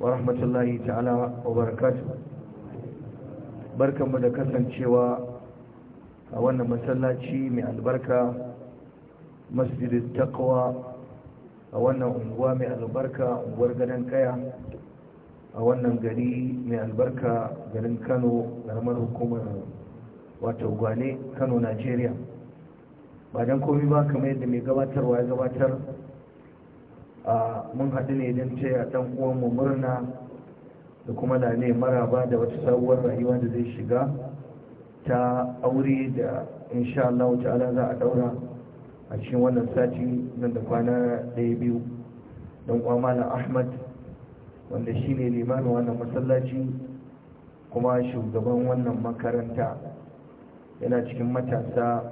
wa rahmatullahi ta'ala wa barakatu barkanmu da kasancewa a wannan masallaci mai albarka masjidin Takawa, a wannan unguwa mai albarka unguwar gadon kaya a wannan gari mai albarka garin kano karamar hukumar wato gwane kano najeriya ba don komi ba kamar yadda mai gabatarwa ya gabatar mun haɗu ne don taya ɗan uwanmu murna da kuma na ne maraba da wata sabuwar rayuwa da zai shiga ta aure da insha Allah ta'ala za a ɗaura a cikin wannan sati nan da kwana ɗaya biyu don kwamala ahmad wanda shi ne limamin wannan masallaci kuma shugaban wannan makaranta yana cikin matasa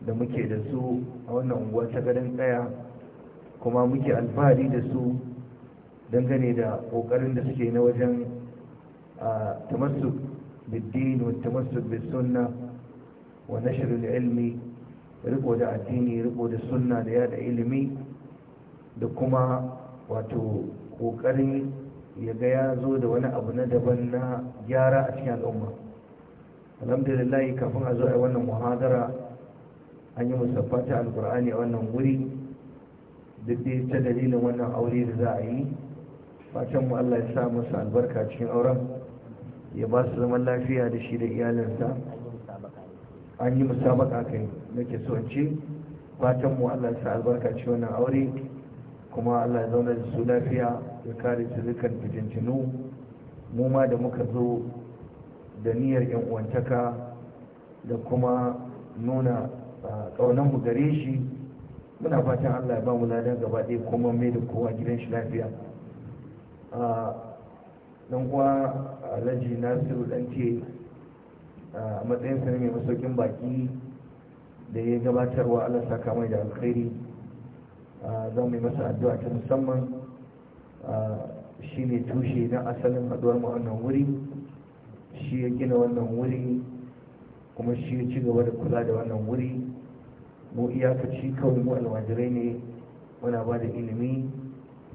da muke da su a wannan unguwar ta gadon ɗaya. kuma muke alfahari da su dangane da kokarin da suke na wajen tamassuk biddin wa tamassuk bis sunna wa nashrul ilmi riko da addini riko da sunna da yada ilimi da kuma wato ƙoƙarin ya ga ya zo da wani abu na daban na gyara a cikin al'umma alhamdulillah kafin a zo a wannan muhadara an yi musaffata alkur'ani a wannan wuri duk da ta dalilin wannan aure da za a yi fatan mu Allah ya sa musu albarka cikin auren ya ba su zaman lafiya da shi da iyalinsa an yi musabaka kai nake so ce fatan mu Allah ya sa albarka cikin wannan aure kuma Allah ya zauna da su lafiya ya kare su dukkan fitintinu mu ma da muka zo da niyyar yan uwantaka da kuma nuna ah, ƙaunar mu gare shi muna fatan allah ya ba mu ladan gaba ɗaya kuma mai da kowa gidan shi lafiya dan uwa alhaji nasiru dan ce a matsayin sa mai masaukin baki da ya gabatarwa allah saka mai da alkhairi za mu yi masa addu'a ta musamman shi ne tushe na asalin haduwar mu wannan wuri shi ya gina wannan wuri kuma shi ya ci gaba da kula da wannan wuri mu iyakaci kawai mu almajirai ne muna ba da ilimi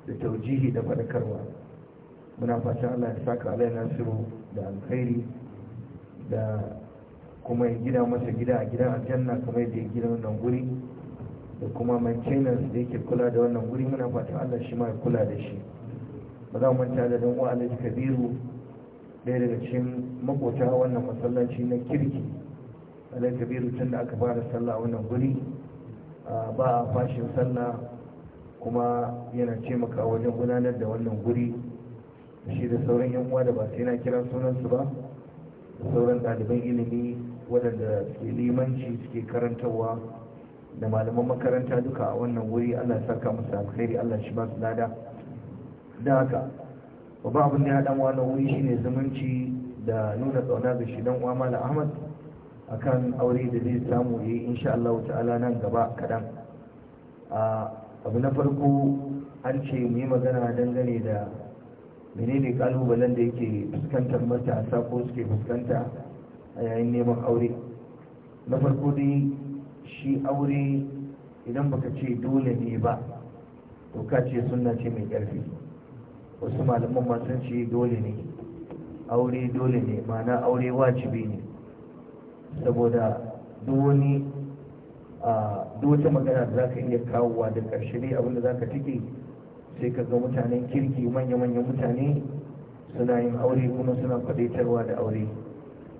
da taujihi da faɗakarwa muna fata allah ya saka alai nasiru da alkhairi da kuma ya gida masa gida a gidan aljanna kamar yadda ya gina wannan guri da kuma maintenance da yake kula da wannan guri muna fata allah shi ma ya kula da shi ba za mu manta da dan uwa alhaji kabiru ɗaya daga cikin makota wannan masallaci na kirki alai kabiru tun da aka fara sallah a wannan guri ba a fashin sallah kuma yana taimaka wajen gudanar da wannan guri shi da sauran yan uwa da ba sai na kira sunansu ba da sauran ɗaliban ilimi waɗanda suke limanci suke karantarwa da malaman makaranta duka a wannan wuri allah saka musu alkhairi allah shi ba su lada da haka babu abin da ya haɗa wani wuri shine zumunci da nuna tsauna ga shi dan uwa malam ahmad akan aure da zai samu ya yi insha Allah ta'ala nan gaba kaɗan abu na farko an ce mu yi magana dangane da menene kalubalen da yake fuskantar matasa ko suke fuskanta a yayin neman aure na farko dai shi aure idan baka ce dole ne ba to ka ce suna ce mai ƙarfi wasu malaman masu sun ce dole ne aure dole ne ma'ana aure wajibi ne saboda duk wani duk wata magana da za ka iya kawowa da ƙarshe ne abin da za ka cike sai ka ga mutanen kirki manya-manyan mutane suna yin aure kuma suna faɗaitarwa da aure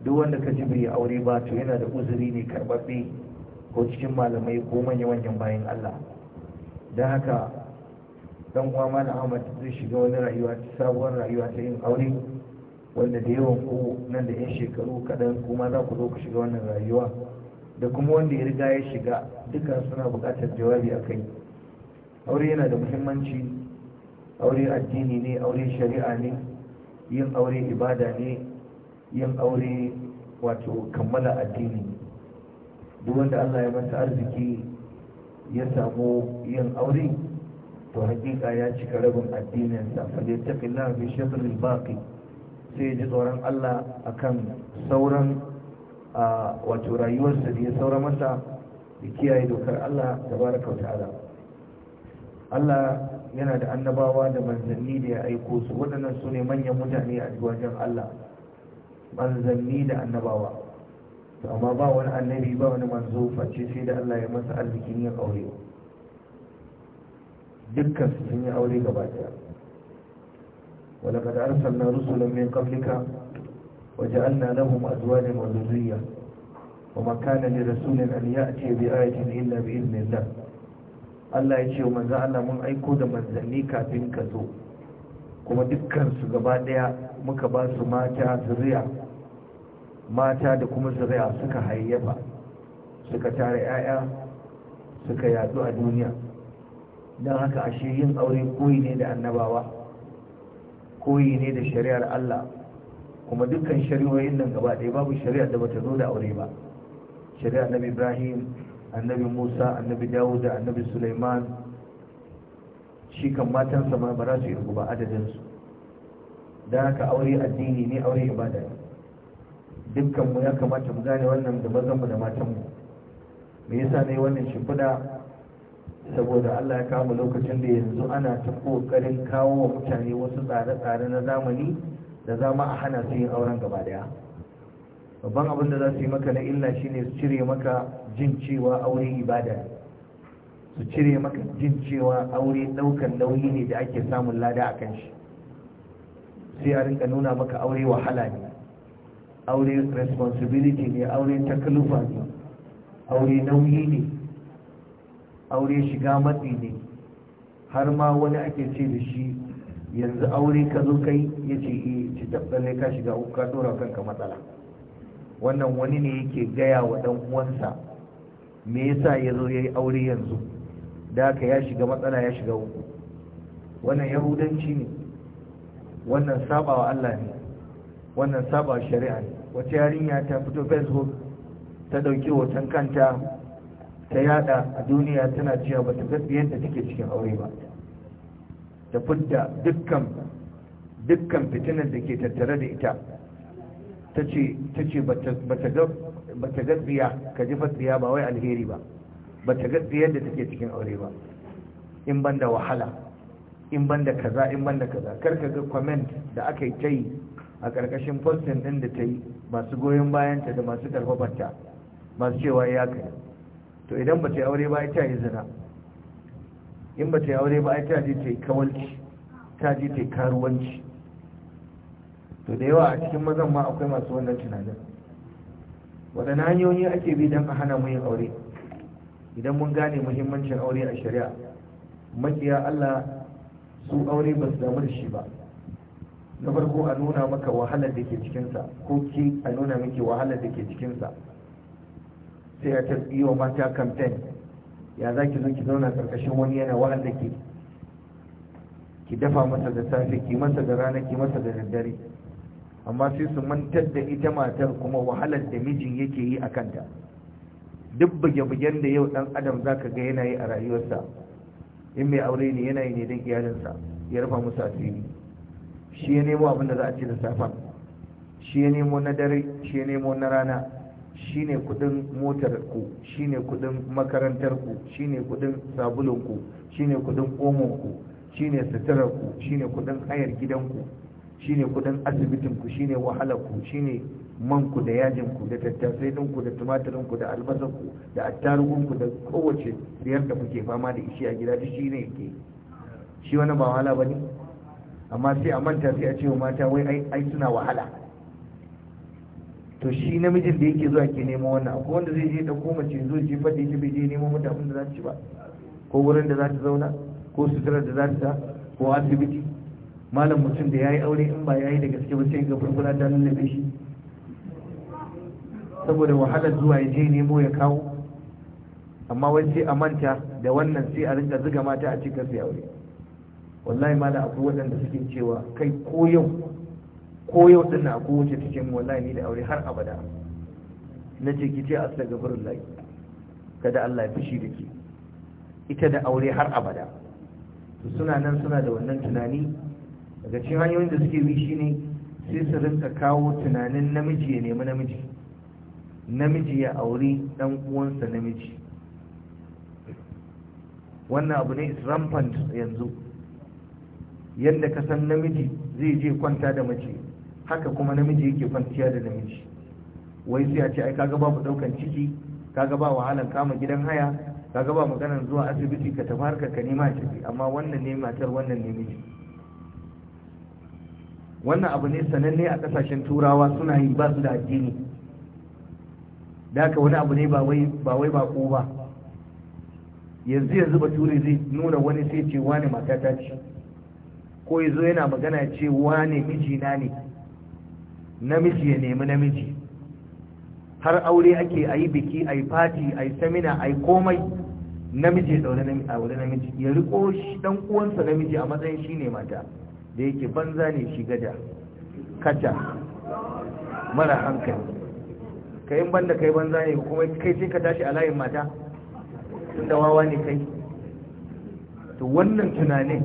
duk wanda ka ji bai aure ba to yana da uzuri ne karɓaɓɓe ko cikin malamai ko manya-manyan bayan Allah don haka dan uwa malam Ahmad zai shiga wani rayuwa sabuwar rayuwa ta yin aure wanda da yawan ku nan da 'yan shekaru kaɗan kuma za ku zo ku shiga wannan rayuwa da kuma wanda ya riga ya shiga duka suna buƙatar jawabi a kai aure yana da muhimmanci aure addini ne aure shari'a ne yin aure ibada ne yin aure wato kammala addini duk wanda allah ya masa arziki ya samu yin aure to hakika ya cika rabin sa fa zai taƙi lafi shafin baki sai ji tsoron Allah a kan sauran wato rayuwarsa da ya saura masa da kiyaye dokar Allah da wa ala. Allah yana da annabawa da manzanni da ya aiko su waɗannan su ne manyan mutane a wajen Allah manzanni da annabawa amma ba wani annabi ba wani manzo face sai da Allah ya masa arzikin yin aure dukkan su sun yi aure gaba ولقد أرسلنا رسلا من قبلك وجعلنا لهم أزواجا وذرية وما كان لرسول أن يأتي بآية إلا بإذن الله الله ya وما زعل من أي كود من da manzanni kafin kuma dukkan su gaba daya muka ba su mata zuriya mata da kuma zuriya suka hayyafa suka tare yaya suka yadu a duniya don haka ashe yin aure koyi ne da annabawa koyi ne da shari'ar Allah kuma dukkan shari'o'in nan gaba ɗaya babu shari'ar da bata zo da aure ba shari'ar annabi Ibrahim annabi Musa annabi Dawud annabi Sulaiman shi kan matansa ma ba za su yi ba adadin su da haka aure addini ne aure ibada ne dukkan mu ya kamata mu gane wannan da mazan mu da matan mu me yasa ne wannan shimfiɗa saboda Allah ya kama lokacin da yanzu ana ta kokarin kawo wa mutane wasu tsare-tsare na zamani da zama a hana su yin auren gaba daya babban abin da za su yi maka na illa shine su cire maka jin cewa aure ibada su cire maka jin cewa aure daukan nauyi ne da ake samun lada a kan shi sai a rinka nuna maka aure wahala ne aure responsibility ne aure takalufa ne aure nauyi ne aure shiga matsi ne har ma wani ake ce da shi yanzu aure ka zo kai ya ce e eh, ci tabbalai ka shiga uku ka dora kanka matsala wannan wani ne yake gaya wa dan uwansa me yasa ya zo ya yi aure yanzu da haka ya shiga matsala ya shiga uku wannan yahudanci ne wannan saba wa Allah ne wannan saba shari'a ne wata yarinya ta fito facebook ta dauki hoton kanta ta yada a duniya tana cewa ba ta gaske yadda take cikin aure ba ta fidda dukkan dukkan da ke tattare da ita ta ce ba ta gaskiya ka ji fatsiya ba wai alheri ba ba ta gaskiya yadda take cikin aure ba in ban da wahala in ban da kaza in ban da kaza karka ga comment da aka yi ta yi a ƙarƙashin postin ɗin da ta yi masu goyon bayanta da masu ƙarfafanta masu cewa ya kai to idan ba ta yi aure ba ta yi zina in ba ta yi aure ba ta je ta yi kawalci ta je ta yi karuwanci to da yawa a cikin mazan ma akwai masu wannan tunanin waɗanne hanyoyi ake bi don a hana mu yin aure idan mun gane muhimmancin aure a shari'a makiya Allah su aure ba su damu da shi ba na farko a nuna maka wahalar da ke cikinsa ko ki a nuna miki wahalar da ke cikinsa sai a tafi wa mata kamfen ya za ki zo ki zauna karkashin wani yana wa'anda ke ki dafa masa da safe ki masa da rana ki masa da daddare amma sai su mantar da ita matar kuma wahalar da mijin yake yi a kanta duk buge-bugen da yau dan adam za ka ga yana yi a rayuwarsa in mai aure ne yana ne don iyalinsa ya rufa musu asiri shi ya nemo abin da za a ce da safa shi ya nemo na dare shi ya nemo na rana shine kudin motar ku shine kudin makarantar ku shine kudin sabulun ku shine kudin omon ku shine suturar ku shine kudin hayar gidan ku shine kudin asibitin ku shine wahalar ku shine man ku da yajin ku da tattasai din ku da tumatirin ku da albasan ku da attarugun ku da kowace riyar da kuke fama da ishi a gida duk shine yake shi wani ba wahala bane amma sai a manta sai a ce mata wai ai suna wahala to shi namijin da yake zuwa ke nemo wannan akwai wanda zai je koma ce zo ji fadi ta bai je nemo mata abin da za ta ci ba ko wurin da za ta zauna ko suturar da za ta sa ko asibiti malam mutum da yayi aure in ba yayi da gaske ba sai ga furfura ta lallabe shi saboda wahalar zuwa ya je nemo ya kawo amma wai sai a manta da wannan sai a rinka zuga mata a cikin sai aure wallahi malam akwai waɗanda suke cewa kai ko yau ko yau din na ko wuce cikin wallahi ni da aure har abada na ce ki ce astaghfirullah kada Allah ya fushi da ke ita da aure har abada suna nan suna da wannan tunani daga cikin hanyoyin da suke bi shine sai su rinka kawo tunanin namiji ya nemi namiji namiji ya auri dan uwansa namiji wannan abu ne is rampant yanzu yadda ka san namiji zai je kwanta da mace haka kuma namiji yake kwanciya da namiji wai sai a ce ai kaga babu daukan ciki kaga ba wahalan kama gidan haya kaga ba maganar zuwa asibiti ka tafi harkar ka nema ciki amma wannan ne matar wannan ne miji wannan abu ne sananne a kasashen turawa suna yi ba su da addini da haka wani abu ne ba wai ba wai ba ko ba yanzu yanzu bature zai nuna wani sai ce wani matata ce ko yanzu yana magana ce wani mijina ne namiji ya nemi namiji har aure ake a yi biki a yi fati a yi samina a yi komai namiji ya daure a namiji ya riko shi dan uwansa namiji a matsayin shi ne mata da yake banza ne shi gada kata mara hankali ka yin banda kai banza ne kuma kai sai ka tashi a layin mata da wawa ne kai to wannan tunanin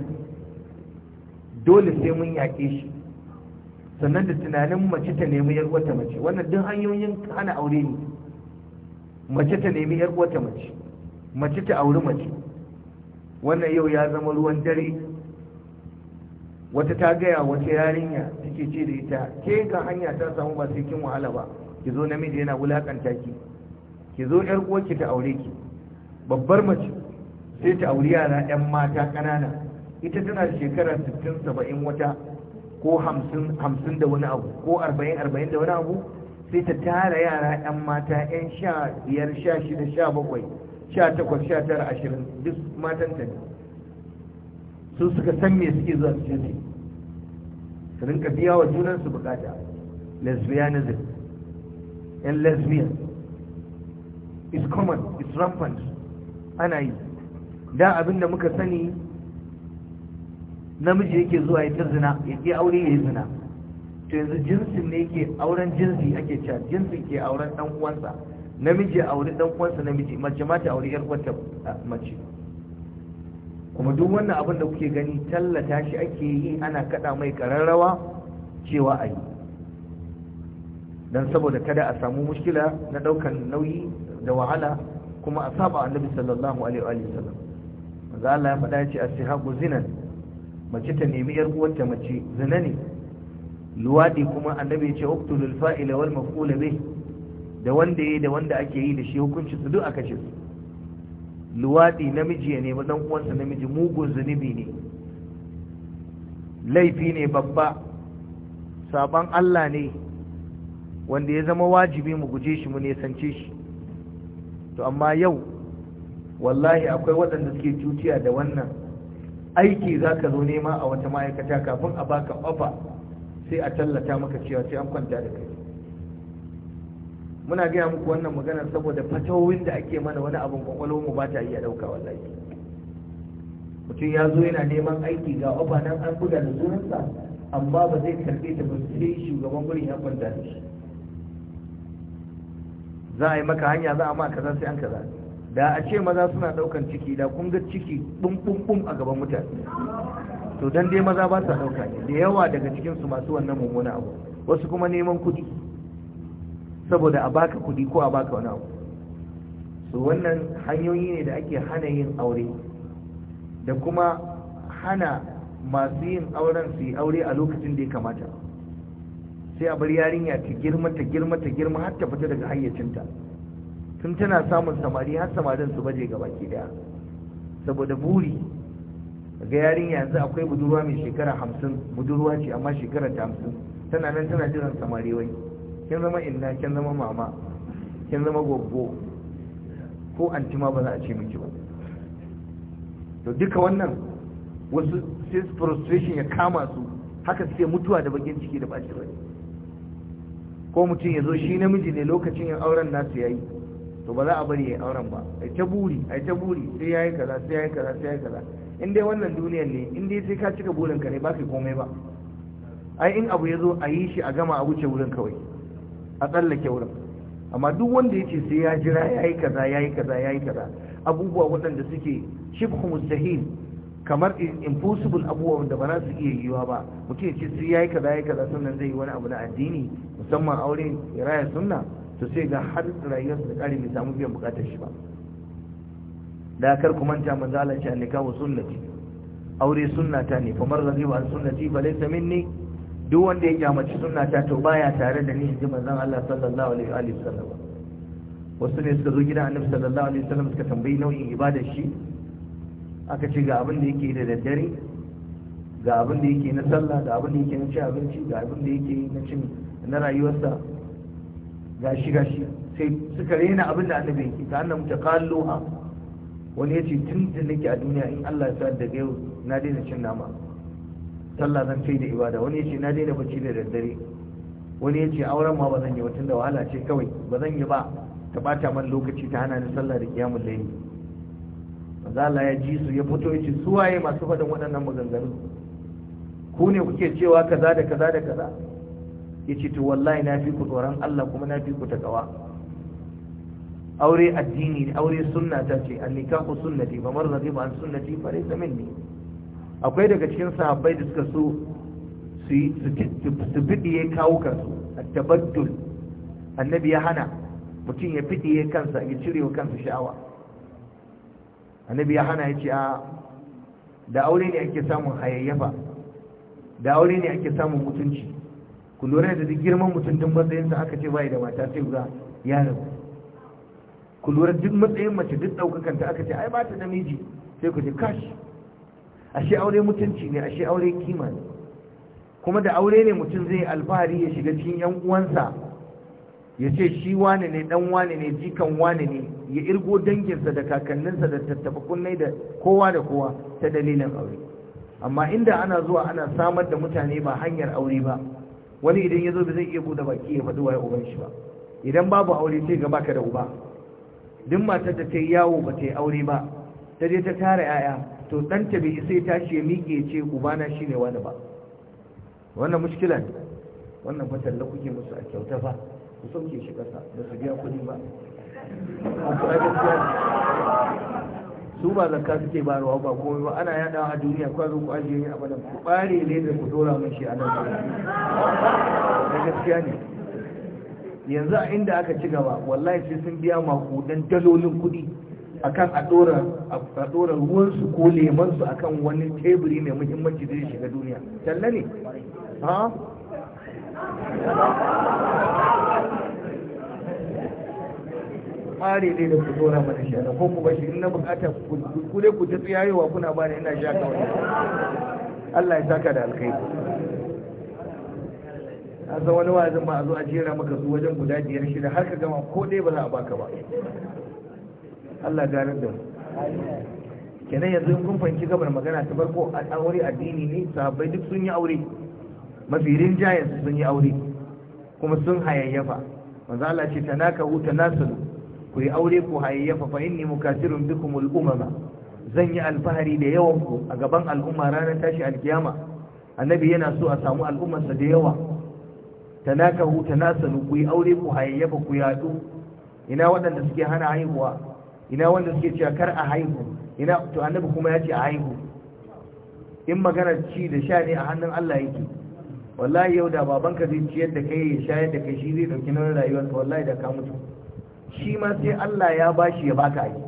dole sai mun yaƙe shi sannan da tunanin mace ta nemi yar wata mace wannan duk hanyoyin hana aure ne mace ta nemi yar wata mace mace ta auri mace wannan yau ya zama ruwan dare wata ta gaya wata yarinya take ce da ita ke ga hanya ta samu ba sai kin wahala ba ki zo namiji yana wulakanta ki ki zo yar uwarki ta aure ki babbar mace sai ta auri yara yan mata kanana ita tana shekara 60 70 wata ko hamsin da wani abu ko arba'in arba'in da wani abu sai ta tara yara 'yan mata 'yan sha biyar sha shida sha bakwai sha takwas sha tara ashirin duk matan ta ne su suka san me suke zuwa su ce su rinka biya wa junan su bukata lesbianism yan lesbian is common is rampant ana yi da abin da muka sani namiji yake zuwa ya ta zina ya ke aure ya yi zina to yanzu jinsin ne ke auren jinsi ake cewa jinsin ke auren dan uwansa namiji ya aure dan uwansa namiji mace ma ta aure yar uwarta mace kuma duk wannan abin da kuke gani tallata shi ake yi ana kada mai kararrawa cewa a yi don saboda kada a samu mushkila na daukan nauyi da wahala kuma a saba annabi sallallahu alaihi wa sallam manzo Allah ya faɗa ya ce as-sihabu zinan mace ta nemi yar uwarta mace zina ne luwadi kuma annabi ya ce uqtulul fa'ila wal maf'ul bih da wanda yayi da wanda ake yi da shi hukunci su duk aka ce luwadi namiji ne nemi dan uwansa namiji mugun zunubi ne laifi ne babba saban Allah ne wanda ya zama wajibi mu guje shi mu nesance shi to amma yau wallahi akwai waɗanda suke cutiya da wannan aiki za ka zo nema a wata ma'aikata kafin a baka ofa sai a tallata maka cewa sai an kwanta da kai muna gaya muku wannan magana saboda fatawowin da ake mana wani abin kwakwalwa mu ba ta iya ɗauka wallahi mutum ya zo yana neman aiki ga ofa nan an buga da sunansa amma ba zai karɓe ta ba sai shugaban gurin ya kwanta da shi za a yi maka hanya za a ma kaza sai an kaza da a ce maza suna daukan ciki da kun ga ciki bum bum bum a gaban mutane to dan dai maza ba sa dauka da yawa daga cikin su masu wannan mummuna abu wasu kuma neman kudi saboda a baka kudi ko a baka wani abu so wannan hanyoyi ne da ake hana yin aure da kuma hana masu yin auren su yi aure a lokacin da ya kamata sai a bar yarinya ta girma ta girma ta girma har ta fita daga hayyacinta tun tana samun samari har samarin su baje ga baki daya saboda buri ga yarinya yanzu akwai budurwa mai shekara hamsin budurwa ce amma shekara ta hamsin tana nan tana jiran samari wai kin zama inna kin zama mama kin zama goggo ko antima ba za a ce miki ba to duka wannan wasu sai frustration ya kama su haka sai mutuwa da bakin ciki da bacin rai ko mutum ya zo shi namiji ne lokacin yin auren nasu yayi to ba za a bari ya auren ba ai ta buri ai ta buri sai yayi kaza sai yayi kaza sai yayi kaza in dai wannan duniyar ne in dai sai ka cika burin ka ne ba kai komai ba ai in abu ya zo a yi shi a gama a wuce wurin kawai a tsallake wurin amma duk wanda ya ce sai ya jira ya yi kaza ya yi kaza ya yi kaza abubuwa waɗanda suke shibhu mustahil kamar impossible abubuwa da ba za su iya yiwa ba mutum ya ce sai ya yi kaza ya yi kaza sannan zai yi wani abu na addini musamman aure ya raya sunna to sai ga har rayuwar su ƙari mai samu biyan bukatar shi ba da kar ku manta manzo Allah ce wa sunnati aure sunnata ne kamar man radiya sunnati fa laysa minni duk wanda ya kyamaci sunnata to baya tare da ni ji manzon Allah sallallahu alaihi wa sallam wasu ne suka zo gidan annabi sallallahu alaihi wa sallam suka tambayi nau'in ibadar shi aka ce ga abin da yake da daddare ga abin da yake na sallah ga abin da yake na cin abinci ga abin da yake na cin na rayuwarsa gashi gashi sai suka rena abin da annabi yake ta annabi ta ha wani yace tun da nake a duniya in Allah ya sa daga yau na daina cin nama sallah zan kai da ibada wani yace na daina bacci da daddare wani yace auren ma ba zan yi ba tunda wahala ce kawai ba zan yi ba ta bata man lokaci ta hana ni sallah da kiyamul layli manzo Allah ya ji su ya fito yace su waye masu faɗin waɗannan maganganu ku ne kuke cewa kaza da kaza da kaza yace to wallahi na fi ku tsoron Allah kuma na fi ku takawa aure addini da aure sunna ta ce annikahu sunnati fa man ba an sunnati fa laysa minni akwai daga cikin sahabbai da suka so su yi su bidiye kawo kansu at-tabaddul annabi ya hana mutum ya fidiye kansa ya cire wa kansa sha'awa annabi ya hana ya ce a da aure ne ake samun hayayyafa da aure ne ake samun mutunci ku lura da duk girman mutum duk matsayinsa aka ce bai da mata sai ga ya rabu ku lura duk matsayin mace duk ta aka ce ai ba ta da miji sai ku ji kash ashe aure mutunci ne ashe aure kima ne kuma da aure ne mutum zai alfahari ya shiga cikin yan uwansa ya ce shi wane ne dan wane ne jikan wane ne ya irgo danginsa da kakanninsa da tattaba kunnai da kowa da kowa ta dalilin aure amma inda ana zuwa ana samar da mutane ba hanyar aure ba wani idan ya zo ba zai iya buɗe baki ya faɗi waye uban shi ba idan babu aure sai ga baka da uba duk matar da ta yi yawo ba ta yi aure ba ta je ta tara yaya to ta bai sai ta ya miƙe ce ubana shi ne wani ba wannan mushkila ne wannan fatan da kuke musu a kyauta ba? ku sauke shi ƙasa da su biya kuɗi ba su ba zakka suke bayarwa ba komai ba ana yada a duniya kwa zo ku ajiye ni abadan ku bare ne da ku dora mun shi a nan da gaskiya ne yanzu a inda aka ci gaba wallahi sai sun biya makudan dalolin kuɗi akan a dora a dora ruwan su ko leman su akan wani teburi mai muhimmanci da ya shiga duniya talle ne ha ƙare dai da ku zora mana shara ko ku bashi in na bukata ku dai ku tafi yayewa kuna ba ni ina sha kawai Allah ya saka da alkhairi a san wani wazin ma a zo a jera maka su wajen guda biyar shida har ka gama ko dai ba za a baka ba Allah garin da mu kenan yanzu kun fanki gabar magana ta farko a aure addini ne sahabbai duk sun yi aure mafi rinjayen sun yi aure kuma sun hayayyafa manzo Allah ce tanaka hu tanasulu ku yi aure ku hayayyafa fa inni mukasirun bikum al-umama zan yi alfahari da yawan ku a gaban al'umma ranar tashi alkiyama annabi yana so a samu al'ummarsa da yawa tanakahu tanasalu ku yi aure ku hayayyafa ku yadu ina waɗanda suke hana haihuwa ina wanda suke cewa kar a haihu ina to annabi kuma ya ce a haihu in magana ci da sha ne a hannun Allah yake wallahi yau da babanka zai ciyar da kai ya shayar da kai shi zai ɗauki nauyin rayuwarka wallahi da ka mutu shi ma sai Allah ya ba shi ya baka yi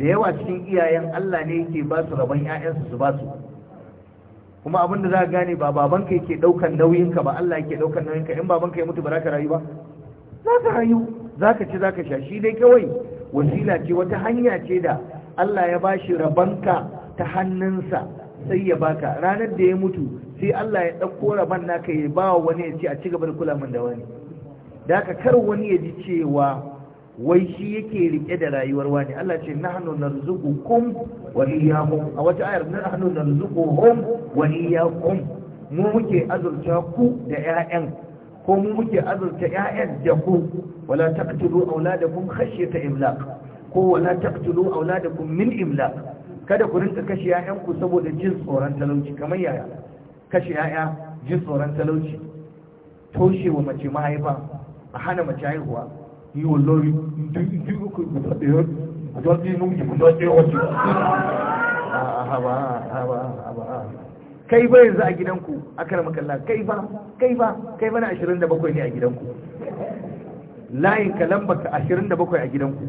da yawa cikin iyayen Allah ne yake ba su rabon 'ya'yansu su ba su kuma abin da za ka gane ba babanka yake daukan nauyinka ba Allah yake daukan nauyinka in babanka ya mutu ba za ka rayu ba za ka rayu za ka ci za ka sha shi dai kawai wasila ce wata hanya ce da Allah ya ba shi rabanka ta hannunsa sai ya baka ranar da ya mutu sai Allah ya ɗauko raban naka ya ba wani ya ce a ci gaba da kula da wani da ka kar wani ya ji cewa wai shi yake rike da rayuwar wani Allah ce nahnu narzuqukum wa iyyakum a wata ayar nahnu narzuquhum wa iyyakum mu muke azurta ku da ƴaƴan ko mu muke azurta ƴaƴan da ku wala taqtulu auladakum khashyata imlaq ko wala taqtulu auladakum min imlaq kada ku rinka kashe ƴaƴan ku saboda jin tsoron talauci kamar yaya kashe ƴaƴa jin tsoron talauci toshe wa mace mahaifa a hana mace haihuwa ní olórí ìjọ tí inú ìjọ tí ó jù kai ba yanzu a gidanku a kan makalla kai ba kai ba kai ba na 27 ne a gidanku layin ka lambaka 27 a gidanku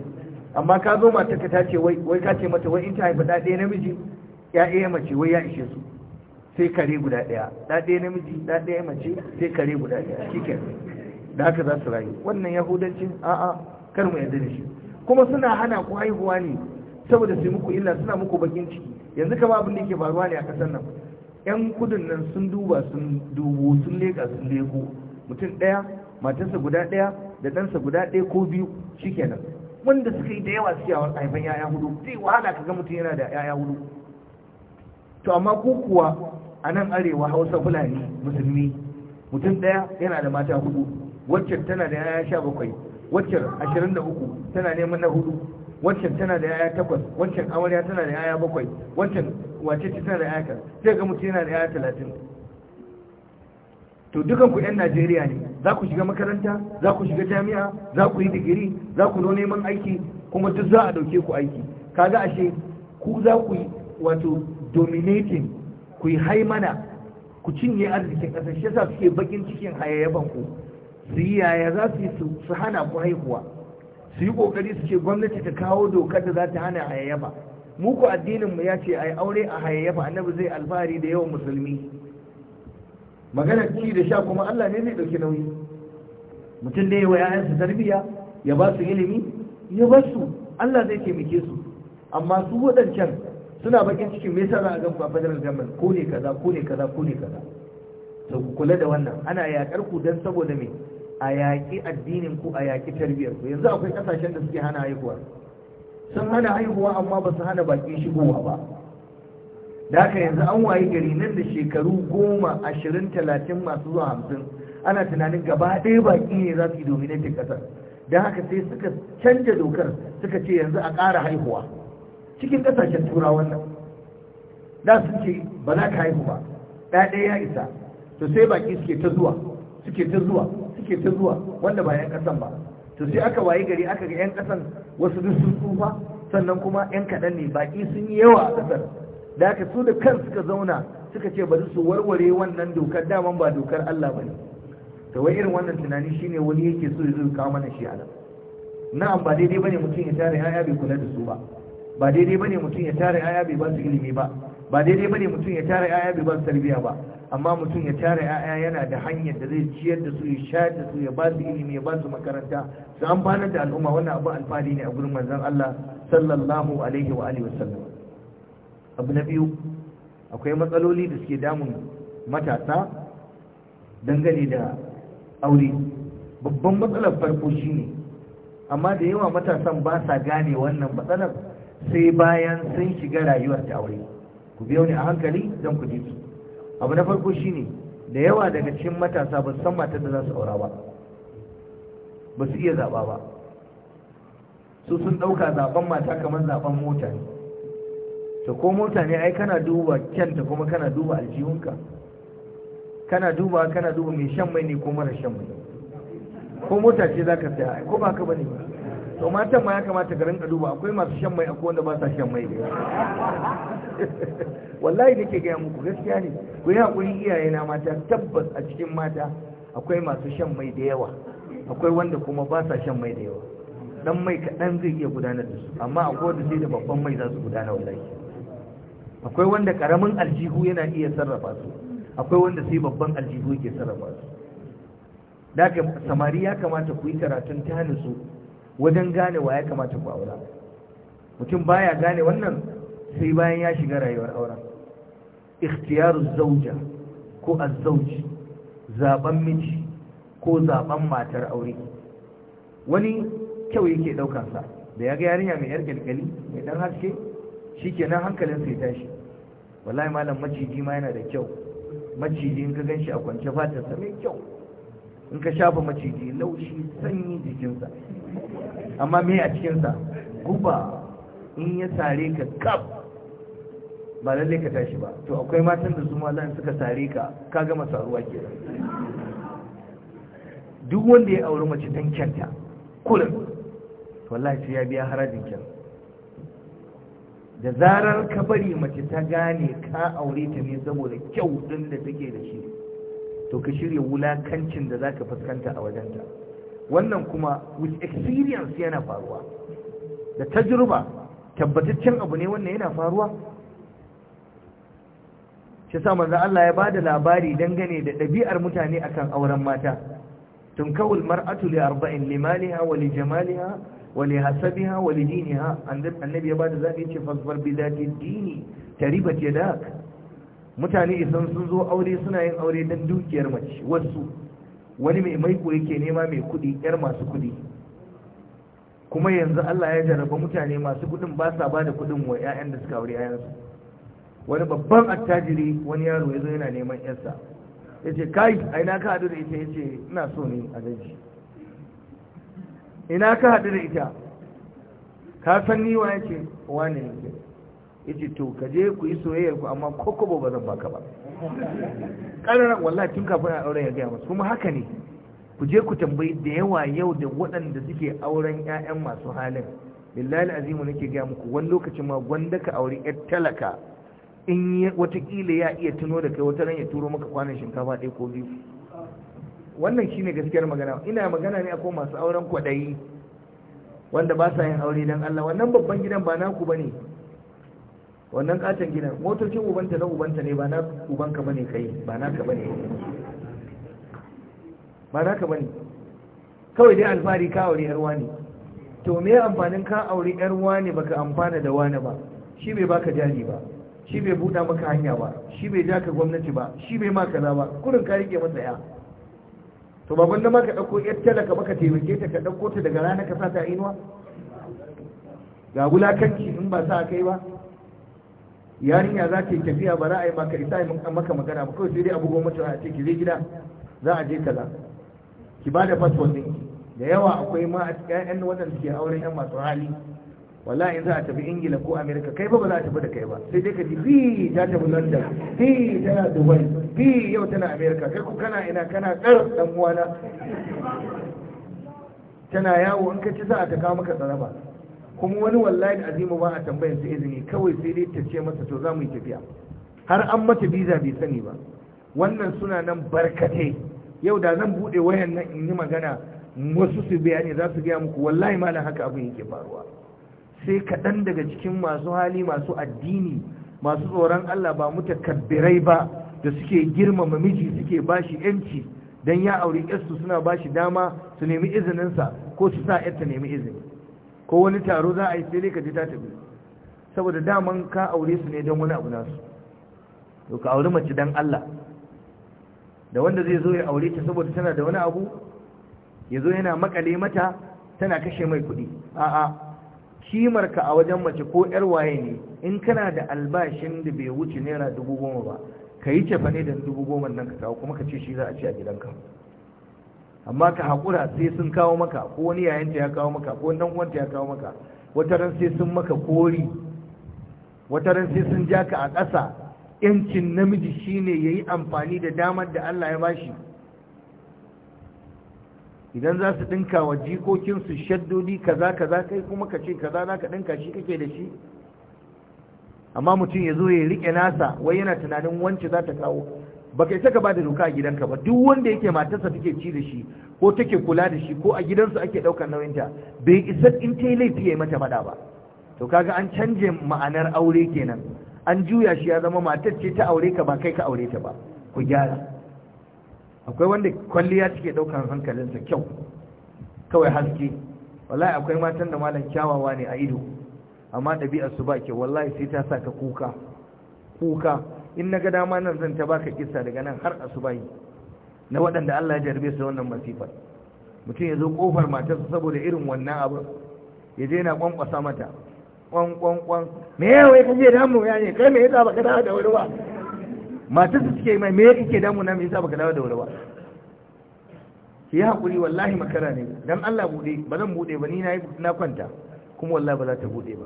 amma ka zo mata ka tace wai wai ka ce mata wai in ta haifa ɗaya namiji ya iya mace wai ya ishe su sai kare guda ɗaya ɗaya namiji ɗaya mace sai kare guda ɗaya shikenan da haka za su rayu wannan yahudancin a'a kar mu yarda da shi kuma suna hana ku haihuwa ne saboda sai muku illa suna muku bakin ciki yanzu kama abin da ke faruwa ne a kasar nan yan kudin nan sun duba sun dubo sun leka sun leko mutum ɗaya matarsa guda ɗaya da ɗansa guda ɗaya ko biyu shikenan wanda suka yi da yawa su yawan haifan yaya hudu zai wahala ka ga mutum yana da yaya hudu to amma ko kuwa a nan arewa hausa fulani musulmi mutum ɗaya yana da mata hudu waccan tana da yaya sha bakwai waccan ashirin da uku tana neman na hudu waccan tana da yaya takwas waccan amarya tana da yaya bakwai waccan wace ce tana da yaya kaza sai ga mutum yana da yaya talatin to dukan ku 'yan najeriya ne za ku shiga makaranta za ku shiga jami'a za ku yi digiri za ku zo neman aiki kuma duk za a ɗauke ku aiki kaga ashe ku za ku yi wato dominating ku yi haimana ku cinye arzikin ƙasashe sa suke bakin cikin hayayyaban ku su yi yaya za su su hana ku haihuwa su yi kokari su ce gwamnati ta kawo dokar da za ta hana hayayyafa mu ku addinin mu ya ce ai aure a hayayyafa annabi zai alfahari da yawan musulmi magana ci da sha kuma Allah ne zai dauki nauyi mutum da yawa yayansa tarbiya ya ba su ilimi ya ba su Allah zai taimake su amma su waɗancan suna bakin cikin me yasa za a ga ku a ko ne kaza ko ne kaza ko ne kaza to kula da wannan ana yakar ku dan saboda me a yaƙi addinin ku a yaƙi tarbiyyar ku yanzu akwai ƙasashen da suke hana haihuwa sun hana haihuwa amma ba su hana baƙin shigowa ba da haka yanzu an wayi gari nan da shekaru goma ashirin talatin masu zuwa hamsin ana tunanin gaba ɗaya baƙi ne za su yi dominatin ƙasar da haka sai suka canja dokar suka ce yanzu a ƙara haihuwa cikin ƙasashen turawa wannan. da sun ce ba za ka haihu ba ɗaya ya isa to sai baƙi suke ta zuwa suke ta zuwa wanda ba 'yan kasan ba to sai aka waye gari aka ga 'yan kasan wasu duk sun tsufa sannan kuma 'yan kaɗan ne baƙi sun yi yawa a ƙasar da aka su da kan suka zauna suka ce bari su warware wannan dokar daman ba dokar Allah ba ne ta wai irin wannan tunani shine wani yake so ya zuba kawo mana shi a nan na'am ba daidai bane mutum ya tare yaya bai kula da su ba ba daidai bane mutum ya tare yaya bai ba su ilimi ba ba daidai bane mutum ya tara yaya bai ba tarbiya ba amma mutum ya tara yaya yana da hanyar da zai ciyar da su ya shayar da su ya ba su ilimi ya ba su makaranta su amfanar da al'umma wannan abu alfahari ne a gurin manzon Allah sallallahu alaihi wa alihi wasallam abu na biyu akwai matsaloli da suke damun matasa dangane da aure babban matsalar farko shine amma da yawa matasan ba sa gane wannan matsalar sai bayan sun shiga rayuwar ta aure ku biyo ni a hankali don ku ji su abu na farko shine da yawa daga cikin matasa ba su san matar da za su aura ba ba su iya zaɓa ba su sun ɗauka zaɓen mata kamar zaɓen mota ne to ko mota ne ai kana duba kyanta kuma kana duba aljihunka kana duba kana duba mai shan mai ne ko mara shan mai ko mota ce za ka saya ko ba ka bane ba to matan ma ya kamata ka duba akwai masu shan mai akwai wanda ba sa shan mai wallahi nake gaya muku gaskiya ne ku yi hakuri iyaye na mata tabbas a cikin mata akwai masu shan mai da yawa akwai wanda kuma ba sa shan mai da yawa dan mai kaɗan zai iya gudanar da su amma akwai wanda sai da babban mai za su gudana wallahi akwai wanda karamin aljihu yana iya sarrafa su akwai wanda sai babban aljihu yake sarrafa su da samari ya kamata ku yi karatun ta wajen gane wa ya kamata ku aura mutum baya gane wannan sai bayan ya shiga rayuwar auren. ikhtiyaru zauja ko azzauji zaben miji ko zaben matar aure wani kyau yake daukar sa da ya ga yarinya mai yar galgali mai dan haske shikenan hankalin sai tashi wallahi malam maciji ma yana da kyau maciji in ka ganshi a kwance fatar sa mai kyau in ka shafa maciji laushi sanyi jikinsa amma me a cikinsa guba in ya sare ka kaf ba lalle ka tashi ba to akwai matan da su ma zan suka sare ka ka gama saruwa ke duk wanda ya auri mace don kyanta kullum wallahi sai ya biya harajin kyan da zarar ka bari mace ta gane ka aure ta ne saboda kyau din da take da shi to ka shirya wulakancin da zaka fuskanta a wajenta wannan kuma with experience yana faruwa da tajruba tabbataccen abu ne wannan yana faruwa shi sa manzo Allah ya ba da labari dangane da ɗabi'ar mutane akan auren mata tunkawul mar'atu li arba'in limaliha wa li jamaliha wa li hasabiha wa li diniha annabi ya da zabi ce fasbar bi zati dini taribat yadak mutane isan sun zo aure suna yin aure dan dukiyar mace wasu wani mai maiko yake nema mai kuɗi yar masu kuɗi kuma yanzu Allah ya jaraba mutane masu kuɗin ba sa ba da kuɗin wa 'ya'yan da suka aure 'ya'yansu wani babban attajiri wani yaro ya zo yana neman 'yarsa ya ce kai a ina ka haɗu da ita ya ce ina so ne a daji ina ka haɗu da ita ka san ni wa ya ce wane ne ya ce to ka je ku yi soyayyar ku amma kokobo ba zan baka ba ƙararar wallahi tun kafin a auren ya gaya masu kuma haka ne ku je ku tambayi da yawa yau da waɗanda suke auren 'ya'yan masu halin lillahi azimu nake gaya muku wani lokacin ma gwanda ka auri 'yar talaka in watakila ya iya tuno da kai wata ran ya turo maka kwanan shinkafa ɗaya ko biyu wannan shine gaskiyar magana ina magana ne akwai masu auren kwaɗayi wanda ba sa yin aure don Allah wannan babban gidan ba naku ba ne. wannan katon gidan motocin ubanta na ubanta ne ba na ubanka bane kai ba ka bane ba na ka bane kawai dai alfari ka aure yar wani to me amfanin ka aure yar wani baka amfana da wani ba shi bai baka jari ba shi bai buɗa maka hanya ba shi bai ja ka gwamnati ba shi bai ma kaza ba kurin ka rike masa ya to ba da ma ka ɗauko yar talaka baka taimake ta ka ɗauko ta daga ranar ka sa ta inuwa ga wulakanci in ba sa kai ba yarinya za ta yi tafiya ba za a yi maka isa maka magana ba kawai sai dai abubuwan mutum a ce ki zai gida za a je kaza ki ba da fasfon ne. da yawa akwai ma a yan wadanda ke auren 'yan masu hali wala in za a tafi ingila ko amerika kai ba ba za a tafi da kai ba sai dai ka ji fi ta tafi london fi tana dubai fi yau tana amerika kai ku kana ina kana kar dan uwana tana yawo in ka ci za a ta kawo maka tsaraba kuma wani wallahi azima ba a tambayar sa izini kawai sai dai ta ce masa to za mu yi tafiya har an mata biza bai sani ba wannan suna nan barkate yau da zan bude wayan nan in yi magana wasu su bayani za su gaya muku wallahi malam haka abin yake faruwa sai kaɗan daga cikin masu hali masu addini masu tsoron Allah ba mutakabbirai ba da suke girmama miji suke bashi yanci dan ya aure yarsu suna bashi dama su nemi izininsa ko su sa yarta nemi izini ko wani taro za a yi sai ka ji ta tafi saboda daman ka aure su ne don wani abu nasu to ka aure mace dan Allah da wanda zai zo ya aure ta saboda tana da wani abu ya zo yana makale mata tana kashe mai kuɗi a'a kimar ka a wajen mace ko yar waye ne in kana da albashin da bai wuce naira dubu goma ba ka yi cefane da dubu goma nan ka kawo kuma ka ce shi za a ci a gidanka amma ka haƙura sai sun kawo maka ko wani yayanta ya kawo maka ko wani uwanta ya kawo maka wata ran sai sun maka kori wata ran sai sun ja ka a ƙasa yancin namiji shine yi amfani da damar da Allah ya bashi idan za su ɗinka wa jikokinsu shaddodi kaza kaza kai kuma ka ce kaza za ka ɗinka shi kake da shi amma mutum ya zo ya riƙe nasa wai yana tunanin wance za ta kawo baka isa ka da doka a gidanka ba duk wanda yake matarsa take ci da shi ko take kula da shi ko a gidansu ake ɗaukar nauyinta bai isa in ta yi laifi ya yi mata mada ba to kaga an canje ma'anar aure kenan an juya shi ya zama matar ce ta aure ka ba kai ka aure ta ba ku gyara akwai wanda kwalliya take ɗaukar hankalinsa kyau kawai haske wallahi akwai matan da malam kyawawa ne a ido amma ɗabi'ar su ba ke wallahi sai ta saka kuka kuka in na ga dama nan zan ta baka kissa daga nan har yi na waɗanda Allah ya jarbe su wannan masifar mutum ya zo kofar matarsa saboda irin wannan abu ya je na kwankwasa mata kwan kwan kwan me yawa ya kaje damu ya ne kai me yasa baka dawo da wuri ba matarsa suke mai me kake damu na me yasa baka dawo da wuri ba ki yi haƙuri wallahi makara ne don Allah buɗe ba zan buɗe ba ni na kwanta kuma wallahi ba za ta buɗe ba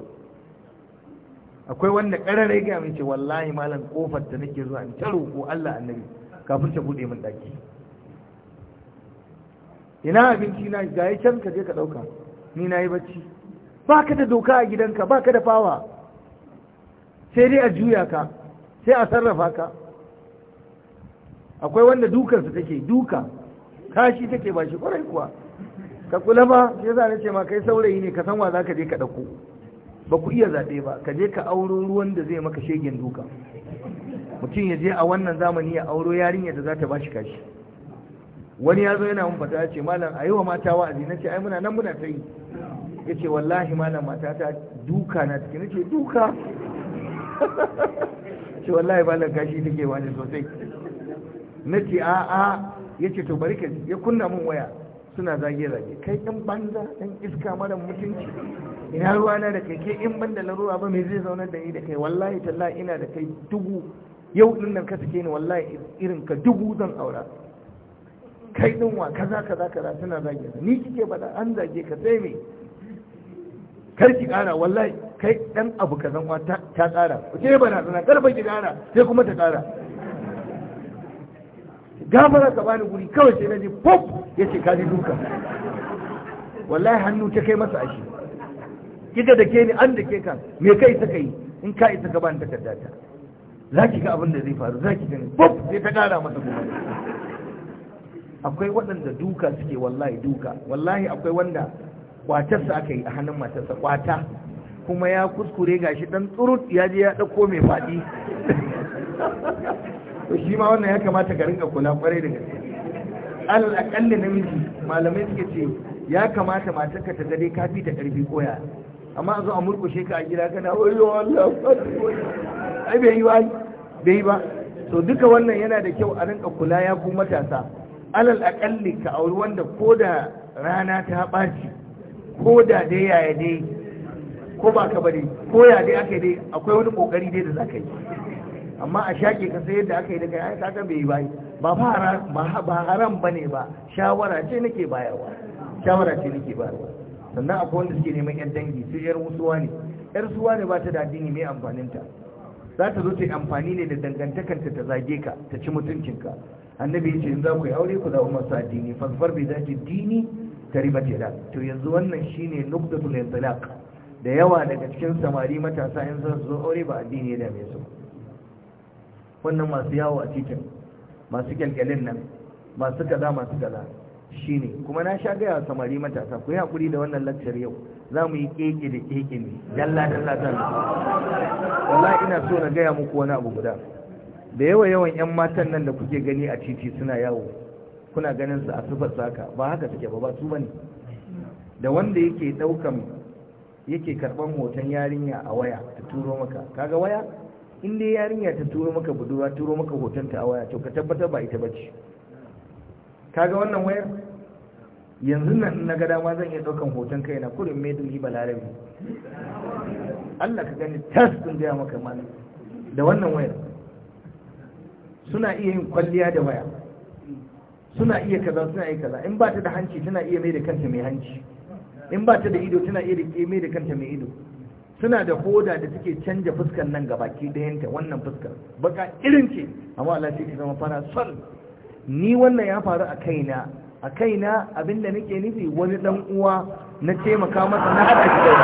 akwai wanda ƙararai ga mun ce wallahi malam kofar da nake zuwa in ta ko Allah annabi kafin ta bude min daki ina abinci na ga ya can ka je ka ɗauka ni na yi bacci ba ka da doka a gidanka ba ka da fawa sai dai a juya ka sai a sarrafa ka akwai wanda dukansa take duka kashi take ba shi kwarai kuwa ka kula ba za zane ce ma kai saurayi ne ka san wa za ka je ka ɗauko ba ku iya zaɓe ba ka je ka auro ruwan da zai maka shegen duka mutum ya je a wannan zamani ya auro yarinya da za ta shi kashi wani ya zo yana mun fata ya ce malam a yi wa mata wa'azi na ce ai muna nan muna ta yi ya ce wallahi malam mata ta duka na cikin ce duka ce wallahi malam kashi take wani sosai na ce a ya ce to bari ka ya kunna mun waya suna zage-zage kai ɗan banza ɗan iska mara mutunci ina ruwana da kai kai in banda na ruwa ba mai zai zaunar da ni da kai wallahi talla ina da kai dubu yau din nan ka suke ni wallahi irin ka dubu zan aura kai din wa kaza kaza kaza suna zage zage ni kike bada an zage ka sai me kar ki kara wallahi kai dan abu kazan wa ta kara ke bana sana kar ba ki kara sai kuma ta kara gafara ka bani guri kawai sai na ji pop ya ce kaji duka wallahi hannu ta kai masa ashe kika da ke ni an da ke ka me kai ta kai in ka isa ka bani takarda ta za ki ga abin da zai faru za ki gani pop sai ta gara masa kuma akwai waɗanda duka suke wallahi duka wallahi akwai wanda kwatarsa aka yi a hannun matarsa kwata kuma ya kuskure gashi dan tsurut ya je ya ɗauko mai faɗi to shi ma wannan ya kamata ka rinka kula kwarai da gaske alal akalli namiji malamai suke ce ya kamata matarka ta gade kafi ta karfi koya amma an zo a murkushe ka a gida kana wayo Allah ai bai yi wai bai ba to duka wannan yana da kyau a rinka kula ya ku matasa alal akalli ka auri wanda ko da rana ta baci ko da dai yaya dai ko ba ka bari ko ya dai aka dai akwai wani kokari dai da za yi amma a shaƙe ka sai yadda aka yi daga yayin kaga bai yi ba ba ba haram ba ne ba shawara ce nake bayarwa shawara ce nake bayarwa sannan akwai wanda suke neman yan dangi su yar musuwa ne yar suwa ne ba ta da addini mai amfaninta za ta zo ta yi amfani ne da dangantakanta ta zage ka ta ci ka annabi ya ce in za ku yi aure ku zaɓi masu addini fasfar bai za dini ta riba da to yanzu wannan shine nukdatul intilaq da yawa daga cikin samari matasa in su zo aure ba addini da mai su wannan masu yawo a titin masu kyalkyalin nan masu kaza masu kaza ne. kuma na sha gaya samari matasa ku yi hakuri da wannan lakcar yau za mu yi keke da keke ne dalla dalla dalla wala ina so na gaya muku wani abu guda da yawa yawan yan matan nan da kuke gani a titi suna yawo kuna ganin su a sufar saka ba haka take ba ba su bane da wanda yake daukan yake karban hoton yarinya a waya ta turo maka kaga waya in dai yarinya ta turo maka budurwa turo maka hotonta a waya to ka tabbatar ba ita bace kaga wannan wayar yanzu nan na ga dama zan iya daukan hoton kai na kurin mai iba balarabi Allah ka gani tas din da maka malam da wannan wayar suna iya yin kwalliya da waya suna iya kaza suna iya kaza in ba ta da hanci tana iya mai da kanta mai hanci in ba ta da ido tana iya mai da kanta mai ido suna da hoda da suke canja fuskar nan ga baki dayanta wannan fuskar baka irin ce amma Allah shi ke zama fara sal ni wannan ya faru a kaina a kaina abinda nake nufi wani dan uwa na taimaka masa na hada shi da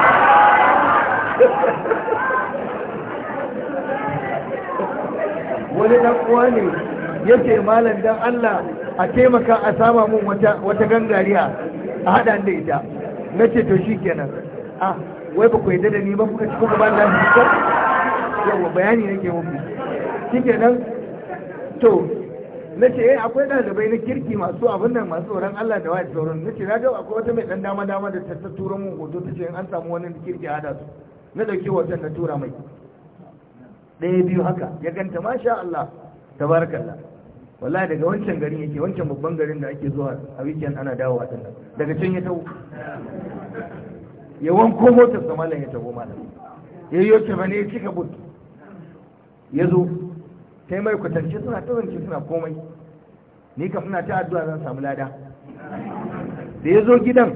wani dan uwa ne yake malam dan Allah a taimaka a sama mun wata wata gangariya a hada da ita nace to shikenan a wai ba ku yadda da ni ba kuka ci kuka ba da hujjar yawa bayani nake muku shikenan to na ce eh akwai ɗalibai na kirki masu abin nan masu tsoron Allah da wani tsoron na ce na ga akwai wata mai ɗan dama dama da ta tura mun hoto ta ce an samu wani kirki a da su na ɗauki wata na tura mai ɗaya biyu haka ya ganta masha Allah tabarakallah wallahi daga wancan garin yake wancan babban garin da ake zuwa a weekend ana dawowa din daga can ya tawo ya wanko motar sa malam ya tabo malam ya yi yoce bane ya cika but ya zo sai mai kwatance suna ta zance suna komai ni kam ina ta addu'a zan samu lada da ya zo gidan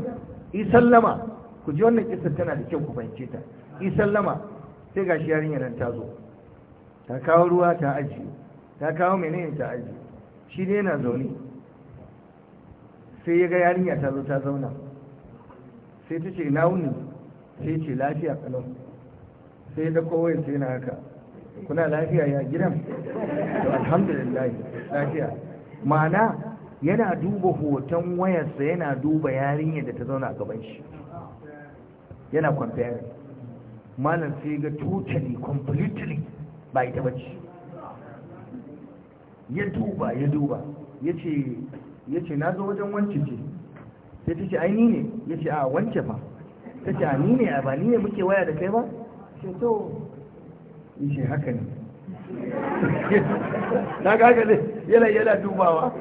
i sallama ku ji wannan kisar tana da kyau ku fahimce ta i sallama sai gashi yarinya nan ta zo ta kawo ruwa ta ajiye ta kawo menene ta ajiye shi ne yana zaune sai ya ga yarinya ta zo ta zauna sai ta ce na wuni sai ce lafiya kalau sai da kowai sai na haka kuna lafiya ya gidan to alhamdulillah lafiya ma'ana yana duba hoton wayarsa yana duba yarinya da ta zauna a gaban shi yana kwamfiyar malam sai ga totally completely ba ita bace ya duba ya duba yace ce na zo wajen wancin ce sai ta ce ai ni ne ya ce a wance fa ta ce a ni ne a ba ni ne muke waya da kai ba ce to ya ce haka ne na ga haka ne yana yana dubawa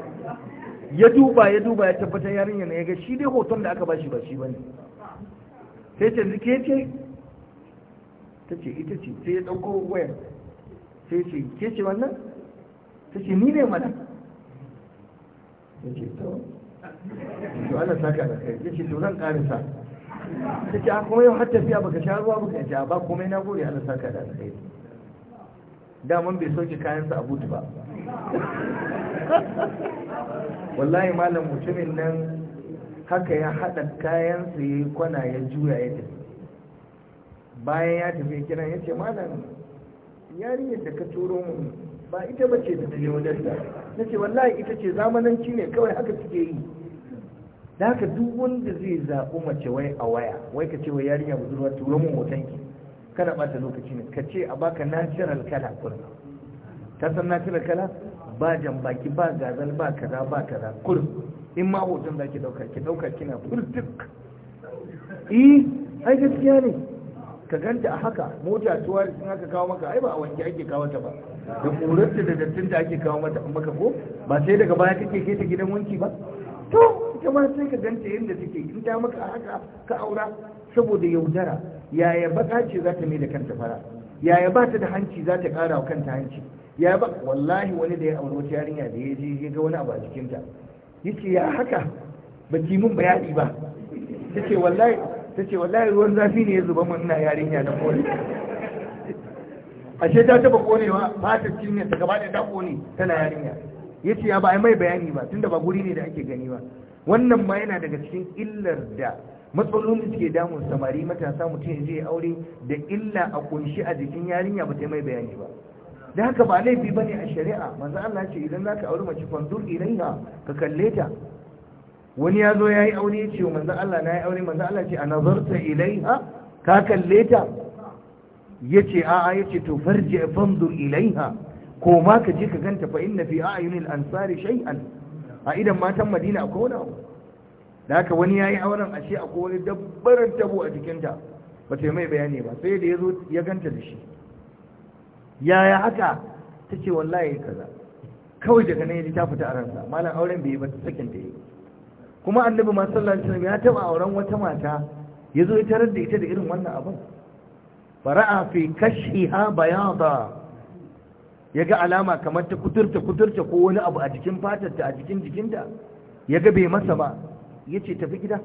ya duba ya duba ya tabbatar yarinya ne ya ga shi dai hoton da aka bashi ba shi bane sai ce ke ce ta ce ita ce sai ya dauko wayar sai ce ke ce wannan ta ce ni ne mana ya ce to to Allah saka da kai yace to zan karisa take a ah, kuma yau har tafiya baka sha ruwa baka ja ah, ba komai na gode Allah saka da kai da mun bai sauke kayan sa a butu ba wallahi malam mutumin nan haka ya hada kayan sa yayi kwana ya juya ya tafi bayan ya tafi kiran yace malam yariyar da ka turo mu ba ita bace da ta je wajen ta nace wallahi ita ce zamananci ne kawai haka suke yi da haka duk wanda zai zaɓi mace wai a waya wai ka ce wa yarinya budurwa turo min motanki, kada ɓata lokaci ne ka ce a baka natural kala kurna ta san natural kala ba jan baki ba gazal ba kaza ba kaza kur in ma hoton za ki ɗauka ki ɗauka kina duk. eh ai gaskiya ne ka ganta a haka mota tuwa in aka kawo maka ai ba a wanke ake kawo ta ba da ƙurarta da dattin da ake kawo mata maka ko ba sai daga baya kake keta gidan wanki ba to ita ma sai ka ganta yadda take in ta maka haka ka aura saboda yaudara yaya ba ta ce za ta mai da kanta fara yaya ba ta da hanci za ta kara wa kanta hanci ya ba wallahi wani da ya aure wata yarinya da ya je ya ga wani abu a jikinta yace ya haka ba ki mun bayani ba tace wallahi tace wallahi ruwan zafi ne ya zuba mun ina yarinya da kore ashe ta taba konewa fatar cinye ta gaba da ta kone tana yarinya ya ce ah, ba a mai bayani ba tunda ba guri ne da ake gani ba wannan ma yana daga cikin illar da matsalolin ke suke damun samari matasa mutum zai aure da illa a kunshi a jikin yarinya ba ta mai bayani ba da haka ba laifi ba ne a shari'a manzo Allah ce idan zaka aure mace fanzur ilaiha ka kalle ta wani ya zo yayi aure ya ce manzo Allah na yi aure manzo Allah ce a nazarta ilaiha ka kalle ta yace a a yace to farji fanzur ilaiha ko ma ka je ka ganta fa inna fi a'yunil ansari shay'an a idan matan Madina akwai wani abu da haka wani yayi auren ashe akwai wani dabbarar tabo a jikinta ba ta mai bayani ba sai da yazo ya ganta da shi yaya haka tace wallahi kaza kawai daga nan ya ta fita a ransa malam auren bai ba sakin ta yi kuma annabi ma sallallahu alaihi wasallam ya taba auren wata mata yazo ya tarar da ita da irin wannan abin fara fi kashiha bayada ya ga alama kamar ta kuturta kuturta ko wani abu a jikin fatarta a jikin jikinta ya ga bai masa ba ya ce tafi gida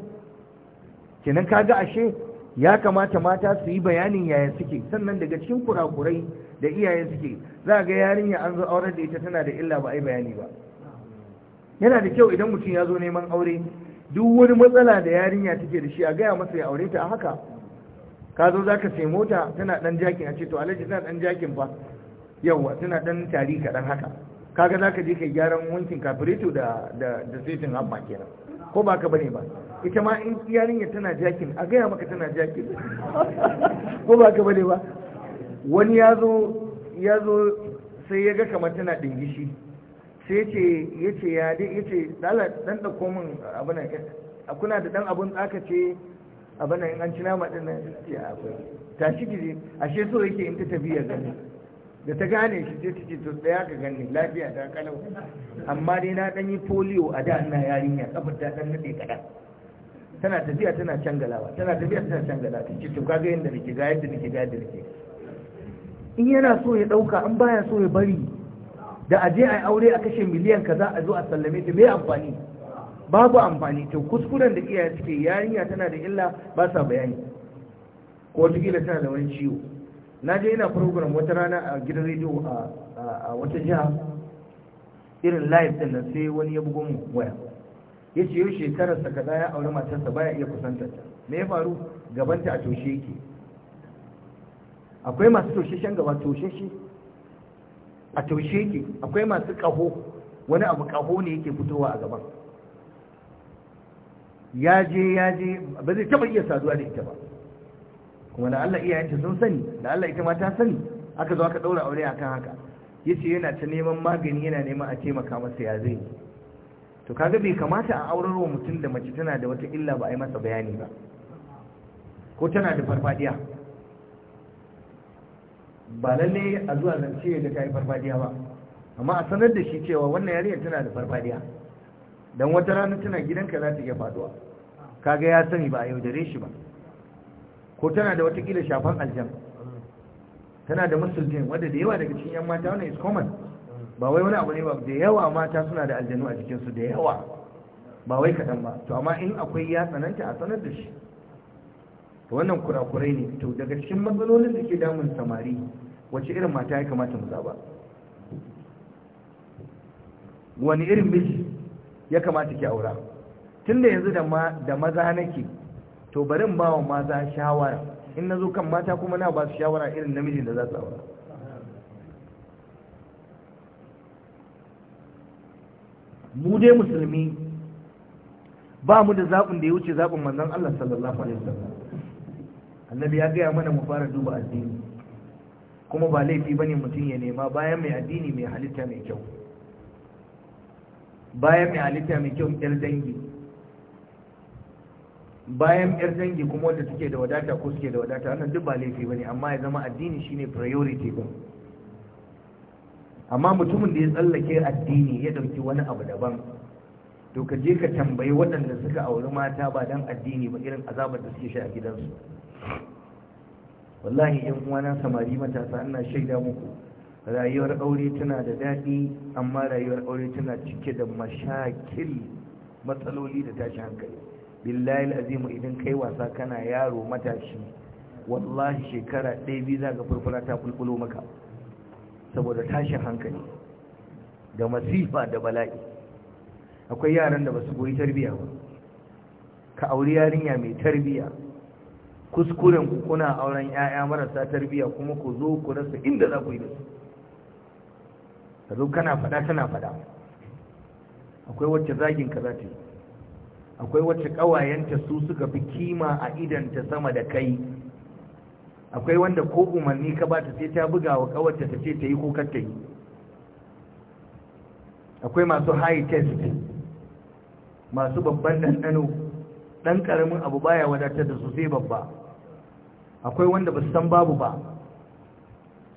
kenan ka ga ashe ya kamata mata su yi bayanin yaya suke sannan daga cikin kurakurai da iyaye suke za ga yarinya an zo auren da ita tana da illa ba a yi bayani ba yana da kyau idan mutum ya zo neman aure duk wani matsala da yarinya take da shi a gaya masa ya aure ta a haka ka zo za ka sai mota tana dan jakin a ce to alhaji tana dan jakin ba. yawa suna dan tari kaɗan haka kaga za ka je kai gyaran wankin kafirito da da da sitin abba kenan ko ba ka bane ba ita ma in yarinya tana jakin a gaya maka tana jakin ko ba ka bane ba wani ya zo ya zo sai ya ga kamar tana dingishi sai ce ya ce ya dai ya ce dan da komin abin kuna da dan abun tsaka ce abin in an ci nama din nan ya akwai tashi ki ashe so yake in ta tafi ya gani da ta gane shi sai ta ce to tsaya ka gani lafiya ta kalau amma dai na dan yi polio a da ina yarinya kafar ta dan nade kada tana tafiya tana can galawa, tana tafiya tana galawa ta ce to kaga yanda nake ga yadda nake ga yadda nake in yana so ya dauka an baya so ya bari da aje ai aure a kashe miliyan kaza a zo a sallame ta me amfani babu amfani to kuskuren da iyaye suke yarinya tana da illa ba sa bayani ko wata tana da wani ciwo na je ina program wata rana a gidan rediyo a wata jiha irin live din nan sai wani ya bugo mu waya ya ce yau shekararsa kaza ya aure matarsa baya iya kusantar ta me ya faru gabanta a toshe yake akwai masu shan gaba toshe shi a toshe yake akwai masu kaho wani abu kaho ne yake fitowa a gaban ya je ya je ba zai taba iya saduwa da ita ba kuma da Allah iyayenta sun sani da Allah ita ma ta sani aka zo aka daura aure akan haka yace yana ta neman magani yana neman a taimaka masa ya zai to kaga bai kamata a aurar wa mutum da mace tana da wata illa ba a yi masa bayani ba ko tana da farfadiya ba lalle a zuwa zance da ta yi farfadiya ba amma a sanar da shi cewa wannan yarinyar tana da farfadiya don wata rana tana gidanka za ta iya faduwa kaga ya sani ba a yaudare shi ba ko tana da watakila shafan aljan tana da musulmi wadda da yawa daga cikin yan mata wannan is common ba wai wani abu ne ba da yawa mata suna da aljanu a jikinsu da yawa ba wai kaɗan ba to amma in akwai ya tsananta a sanar da shi to wannan kurakurai ne to daga cikin matsalolin da ke damun samari wace irin mata ya kamata mu zaba wani irin miji ya kamata ki aura tunda yanzu da maza nake to barin ba wa mata shawara in na zo kan mata kuma na ba su shawara irin namijin da za su aura mu dai musulmi ba mu da zaɓin da ya wuce zaɓin manzon Allah sallallahu alaihi wasallam annabi ya gaya mana mu fara duba addini kuma ba laifi bane mutum ya nema bayan mai addini mai halitta mai kyau bayan mai halitta mai kyau yar dangi bayan yar dangi kuma wanda suke da wadata ko suke da wadata wannan duk ba laifi bane amma ya zama addini shine priority ba amma mutumin da ya tsallake addini ya dauki wani abu daban to ka je ka tambayi waɗanda suka auri mata ba dan addini ba irin azabar da suke sha a gidansu wallahi yan uwana samari matasa ina shaida muku rayuwar aure tana da daɗi amma rayuwar aure tana cike da mashakil matsaloli da tashi hankali billahi alazim idan kai wasa kana yaro matashi wallahi shekara ɗaya biyu za ka furfura ta kulkulo maka saboda tashin hankali da masifa da bala'i akwai yaran da ba su goyi tarbiya ba ka auri yarinya mai tarbiya kuskuren ku kuna auren 'ya'ya marasa tarbiya kuma ku zo ku rasa inda za ku yi da su ka zo kana faɗa tana faɗa akwai wacce zagin ka za ta yi akwai wacce ƙawayenta su suka fi kima a idanta sama da kai akwai wanda ko umarni ka ba ta sai ta buga wa ƙawarta ta ce ta yi ko kar ta yi akwai masu high test masu babban ɗanɗano ɗan ƙaramin abu baya wadatar da su sai babba akwai wanda ba su san babu ba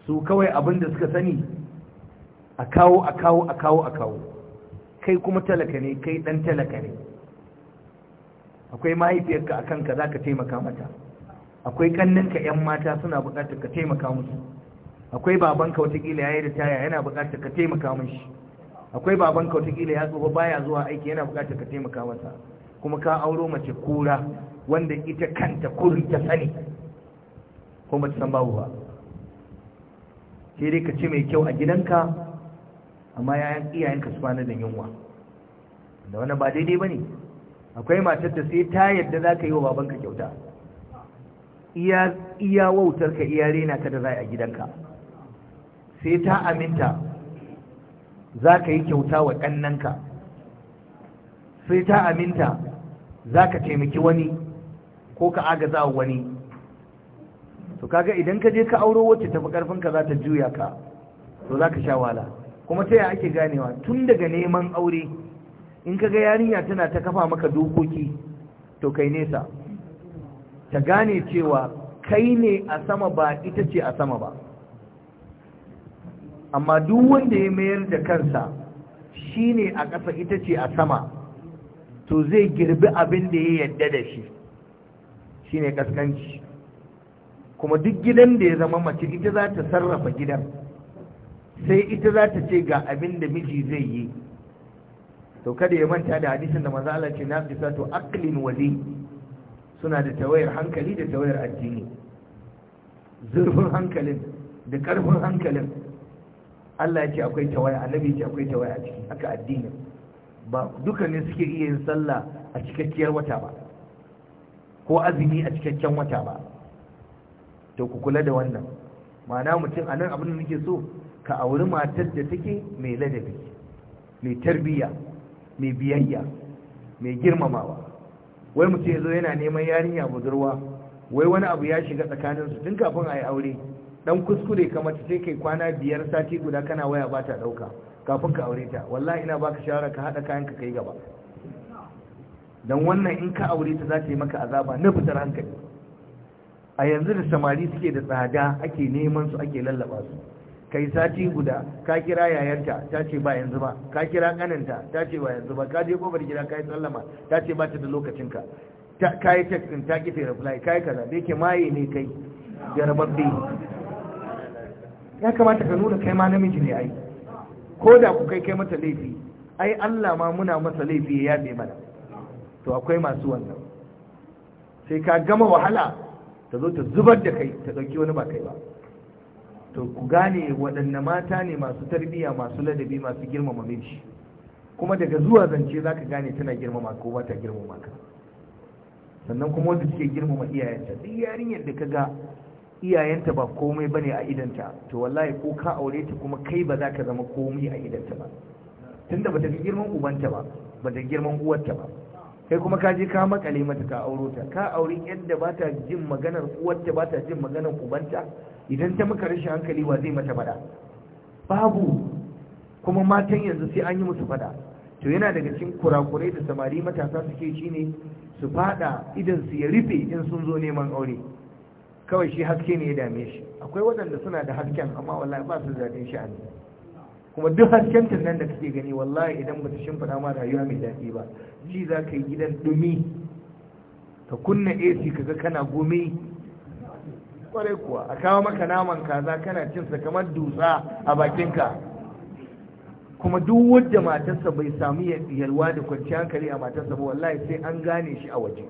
su kawai abin da suka sani a kawo a kawo a kawo a kawo kai kuma talaka ne kai ɗan talaka ne akwai mahaifiyarka a kanka za ka taimaka mata akwai kanninka 'yan mata suna bukatar ka taimaka musu akwai babanka watakila ya yi da taya yana bukatar ka taimaka mashi akwai babanka watakila ya tsoba baya zuwa aiki yana bukatar ka taimaka masa kuma ka auro mace kura wanda ita kanta kurin ta sani ko mace san babu ba sai dai ka ci mai kyau a gidanka amma yayan iyayenka su fana da yunwa da wani ba daidai ba ne akwai matar da sai ta yadda za ka yi wa babanka kyauta iya wautar ka iya rena ka da za a gidanka sai ta aminta za ka yi kyauta wa ƙannanka sai ta aminta za ka taimaki wani ko ka agaza wani to kaga idan ka je ka auro wacce tafi ƙarfinka za ta juya ka to za ka sha wala kuma ta yi ake ganewa tun daga neman aure in ka ga yarinya tana ta kafa maka dokoki to kai nesa ta gane cewa kai ne a sama ba ita ce a sama ba amma duk wanda ya mayar da kansa shi ne a ƙasa ita ce a sama to zai girbi abin da ya yadda da shi shi ne ƙasƙanci kuma duk gidan da ya zama mace ita za ta sarrafa gidan sai ita za ta ce ga abin da miji zai yi to kada ya manta da hadisin da manzo Allah ce na fi sato aqlin wali suna da tawayar hankali da tawayar addini zurfin hankalin da karfin hankalin Allah ce akwai tawaya annabi ya ce akwai tawaya a ciki haka addini ba dukkanin suke iya yin sallah a cikakkiyar wata ba ko azumi a cikakken wata ba to ku kula da wannan ma'ana mutum a nan abin da nake so ka auri matar da take mai ladabi mai tarbiyya mai biyayya mai girmamawa wai mutum ya zo yana neman yarinya budurwa wai wani abu ya shiga tsakaninsu tun kafin a yi aure dan kuskure kamar ta sai kai kwana biyar sati guda kana waya ba ta ɗauka kafin ka aure ta wallahi ina baka shawara ka haɗa kayan ka kai gaba don wannan in ka aure ta za ta yi maka azaba na fitar hankali a yanzu da samari suke da tsada ake neman su ake lallaba su kai sati guda ka kira yayanta ta ce ba yanzu ba ka kira kaninta ta ce ba yanzu ba ka je kofar gida ka yi sallama ta ce ba ta da lokacinka ka yi tekstin ta kife reply ka yi kaza da yake maye ne kai jarababbe ya kamata ka nuna kai ma namiji ne ai ko da ku kai kai mata laifi ai Allah ma muna masa laifi ya yabe mana to akwai masu wannan sai ka gama wahala ta zo ta zubar da kai ta ɗauki wani ba kai ba to ku gane waɗanne mata ne masu tarbiyya masu ladabi masu girmama miji kuma daga zuwa zance za ka gane tana girmama ko ba ta girmama ka sannan kuma wanda suke girmama iyayenta duk yarinyar da ka ga iyayenta ba komai ba ne a idanta to wallahi ko ka aure ta kuma kai ba za ka zama komai a idanta ba tunda ba ta girman ubanta ba ba ta girman uwarta ba kai kuma ka je ka makale mata ka auro ta ka auri yadda ba ta jin maganar uwarta ba ta jin maganar ubanta idan ta muka rashin hankali wa zai mata fada babu kuma matan yanzu sai an yi musu fada to yana daga cikin kurakurai da samari matasa suke shi ne su fada idan su ya rufe in sun zo neman aure kawai shi haske ne ya dame shi akwai waɗanda suna da hasken amma wallahi ba su zaɗin sha'ani kuma duk hasken nan da kake gani wallahi idan ba ta shimfiɗa ma rayuwa mai daɗi ba ji za ka yi gidan dumi? ka kunna ac ka ga kana gome kwarai kuwa a kawo maka naman kaza kana cinsa kamar dusa a bakinka kuma duk wanda matarsa bai samu yalwa da kwanciyar hankali a matarsa ba wallahi sai an gane shi a waje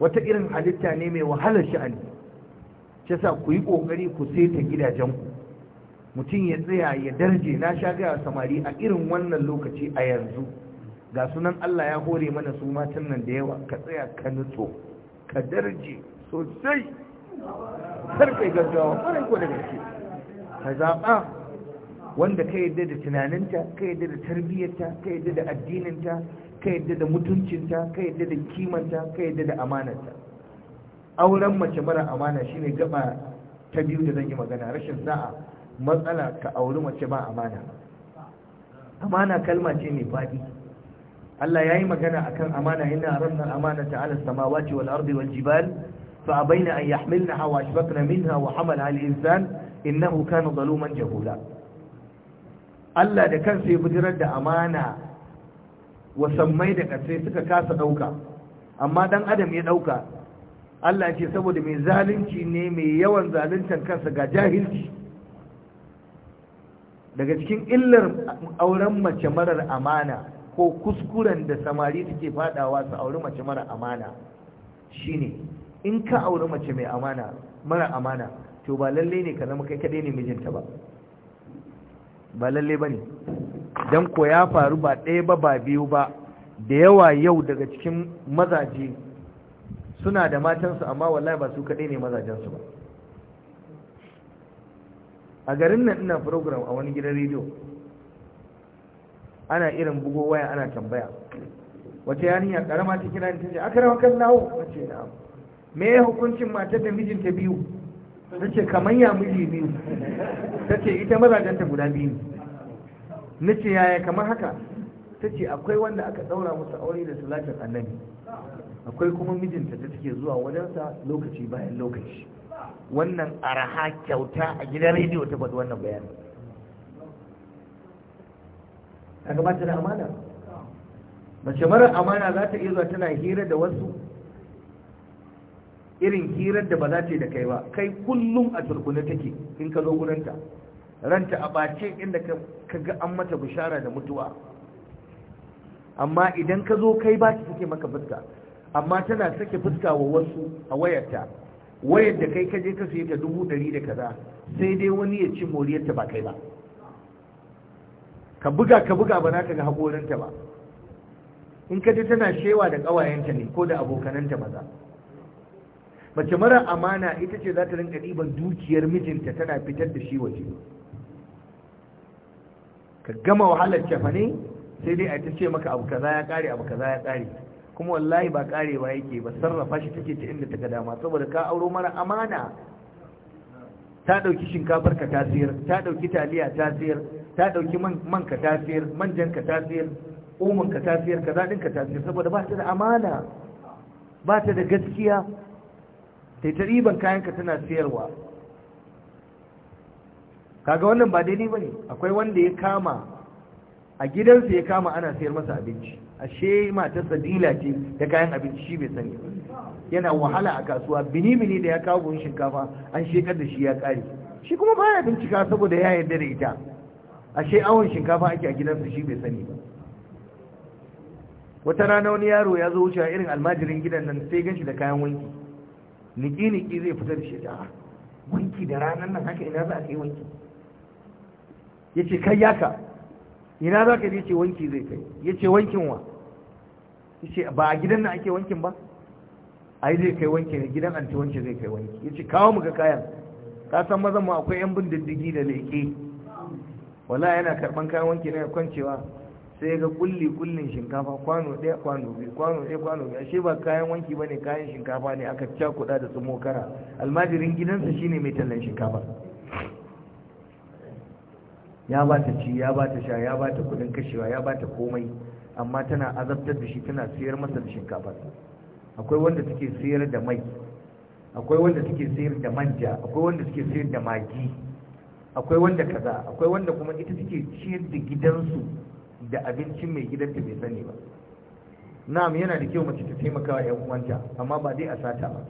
wata irin halitta ne mai wahalar sha'ani shi yasa ku yi kokari ku saita gidajenku mutum ya tsaya ya darje na sha gaya samari a irin wannan lokaci a yanzu ga sunan Allah ya hore mana su matan nan da yawa ka tsaya ka nutso ka darje sosai karka yi gaggawa farin ko da gaske ka zaɓa wanda ka yadda da tunaninta ka yadda da tarbiyyarta ka yadda da addininta ka yadda da mutuncinta ka yadda da kimanta ka yadda da amanarta auren mace mara amana shine gaba ta biyu da zan yi magana rashin sa'a matsala ka auri mace ba amana amana kalma ce mai faɗi Allah ya yi magana akan amana ina rannar amana ta ala samawa ce wal ardi wal jibal فأبين أن يحملنها وأشفقن منها وحملها الإنسان إنه كان ظلوما جهولا Allah da kansa ya bujirar da amana wasammai da kasai suka kasa ɗauka amma dan adam ya ɗauka Allah ce saboda mai zalunci ne mai yawan zaluntar kansa ga jahilci daga cikin illar auren mace marar amana ko kuskuren da samari suke fadawa su auri mace marar amana shine in ka auri mace mai amana mara amana to ba lalle ne ka zama kai kadai ne mijinta ba ba lalle ba ne don ko ya faru ba ɗaya ba ba biyu ba da yawa yau daga cikin mazaje suna da matansu amma wallahi ba su kaɗai ne mazajensu ba a garin nan ina program a wani gidan rediyo ana irin bugo waya ana tambaya wata yarinya karama ta kira ni ta ce akarawa kan a wace na'am me hukuncin matar da mijinta biyu ta ce kamar ya miji biyu ta ce ita mazajenta guda biyu na ce yaya kamar haka ta ce akwai wanda aka ɗaura musu aure da salatin annabi akwai kuma mijinta da take zuwa wajensa lokaci bayan lokaci wannan araha kyauta a gidan rediyo ta faɗi wannan bayanin ta gabata da amana mace mara amana za ta iya zuwa tana hira da wasu irin hirar da ba za ta yi da kai ba kai kullum a turkune take in ka zo gurinta ranta a bace inda ka ga an mata bishara da mutuwa amma idan ka zo kai ba ki take maka fuska amma tana sake fuska wa wasu a wayarta wayar da kai kaje ka siye ta dubu ɗari da kaza sai dai wani ya ci moriyarta ba kai ba ka buga ka buga ba na ka ga haƙorinta ba in ka ji tana shewa da ƙawayenta ne ko da abokananta maza mace mara amana ita ce za ta rinka ɗiban dukiyar mijinta tana fitar da shi waje ka gama wahalar cafa ne sai dai a ta ce maka abu kaza ya kare abu kaza ya kare kuma wallahi ba karewa yake ba sarrafa shi take ta inda ta ga dama saboda ka auro mara amana ta ɗauki shinkafar ka tasir ta ɗauki taliya tasir ta ɗauki man ka tasir manjan ka tasir siyar ka tasir kaza din ka tasir saboda ba ta da amana ba ta da gaskiya ta ta riban kayanka tana siyarwa kaga wannan ba daidai ba ne akwai wanda ya kama a gidansa ya kama ana siyar masa abinci ashe matarsa sadila ce da kayan abinci shi bai sani yana wahala a kasuwa bini-bini da ya kawo buhun shinkafa an shekar da shi ya kare shi kuma baya bincika saboda ya yarda da ita ashe awon shinkafa ake a gidansa shi bai sani ba wata rana wani yaro ya zo wucewa, irin almajirin gidan nan sai ganshi da kayan wanki niki-niki zai fita da shi wanki da ranar nan haka ina za a kai wanki ya ce kai yaka ina za ka ce wanki zai kai ya ce wankin wa ya ce ba a gidan nan ake wankin ba yi zai kai wanki ne gidan anti wanki zai kai wanki ya ce kawo mu ga kayan ka san mazan mu akwai yan bin diddigi da leƙe wala yana karɓan kayan wanki na kwancewa sai ga kulli kullin shinkafa kwano ɗaya kwano biyu kwano ɗaya kwano biyu ashe ba kayan wanki bane kayan shinkafa ne aka cakuɗa da tsumo kara almajirin gidansa shine mai tallan shinkafa ya ba ta ci ya ba ta sha ya ba ta kuɗin kashewa ya ba ta komai amma tana azabtar da shi tana siyar masa da shinkafa akwai wanda take siyar da mai akwai wanda take siyar da manja akwai wanda take siyar da magi akwai wanda kaza akwai wanda kuma ita take ciyar da gidansu da abincin mai gidanta bai sani ba na'am yana da kyau mace ta taimaka wa 'yan uwanta amma ba dai a sata ba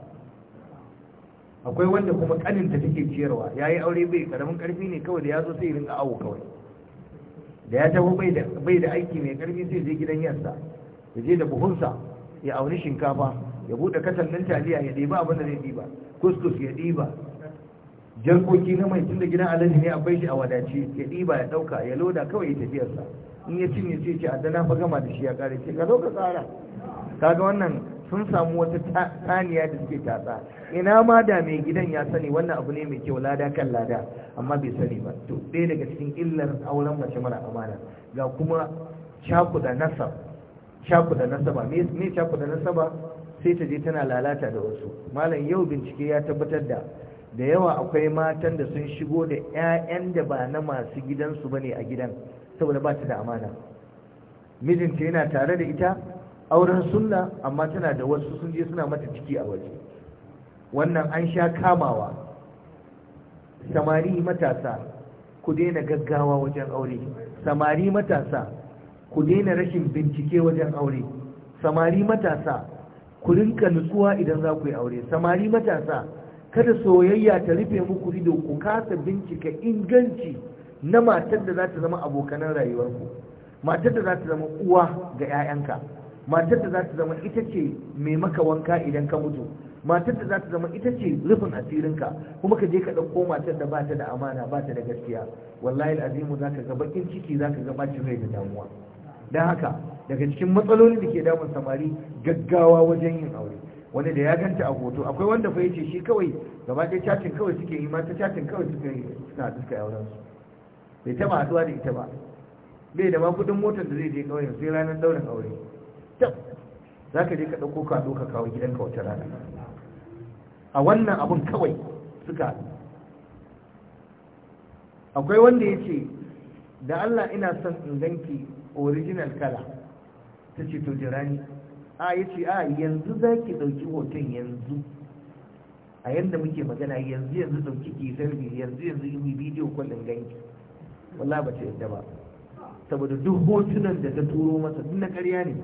akwai wanda kuma kanin ta take ciyarwa yayi aure bai karamin karfi ne kawai da yazo zo sai ringa awo kawai da ya taho bai da aiki mai karfi sai je gidan yarsa ya je da buhunsa ya auni shinkafa ya buɗe katan taliya ya diba abin da zai diba kuskus ya jarkoki na mai tunda gidan alaji ne a bai shi a wadace, ya ɗiba ya ɗauka ya loda kawai ya tafiyarsa in ya cinye sai ce adda na fa gama da shi ya kare ce ka zo ka tsara kaga wannan sun samu wata taniya da suke tatsa ina ma da mai gidan ya sani wannan abu ne mai kyau lada kan lada amma bai sani ba to ɗaya daga cikin illar auren mace mara amana ga kuma cakuda nasab nasaba me cakuda nasaba sai ta je tana lalata da wasu malam yau bincike ya tabbatar da da yawa akwai matan da sun shigo da 'ya'yan da ba na masu gidansu ba ne a gidan saboda ba ta da amana mijinta yana tare da ita auren sunna amma tana da wasu sun je suna mata ciki a waje wannan an sha kamawa samari matasa ku daina gaggawa wajen aure samari matasa ku daina rashin bincike wajen aure samari matasa ku rinka nutsuwa idan za ku yi aure samari matasa kada soyayya ta rufe muku ido ku kasa bincika inganci na matar da za ta zama abokanan rayuwarku matar da za ta zama uwa ga 'ya'yanka matar da za ta zama ita ce mai maka wanka idan ka mutu matar da za ta zama ita ce rufin asirinka kuma ka je ka ɗauko matar da ba ta da amana ba ta da gaskiya wallahi azimu za ka ga bakin ciki za ka ga bacin da damuwa don haka daga cikin matsalolin da ke damun samari gaggawa wajen yin aure wani da ya ganta a hoto akwai wanda fa yace shi kawai gaba ɗaya cacin kawai suke yi mata cacin kawai suke yi suna duka yawon su bai taba haduwa da ita ba bai da ma kudin motar da zai je kawai sai ranar daurin aure tab za ka je ka ɗauko ka ka kawo gidanka wata rana a wannan abun kawai suka akwai wanda ya ce da Allah ina son in ganki original kala ta ce to jirani a ya ce a yanzu za ki ɗauki hoton yanzu a yadda muke magana yanzu yanzu ɗauki ki sarbi yanzu yanzu yi bidiyo kwallon ganki wallahi ba ta yadda ba saboda duk hotunan da ta turo masa duk na ƙarya ne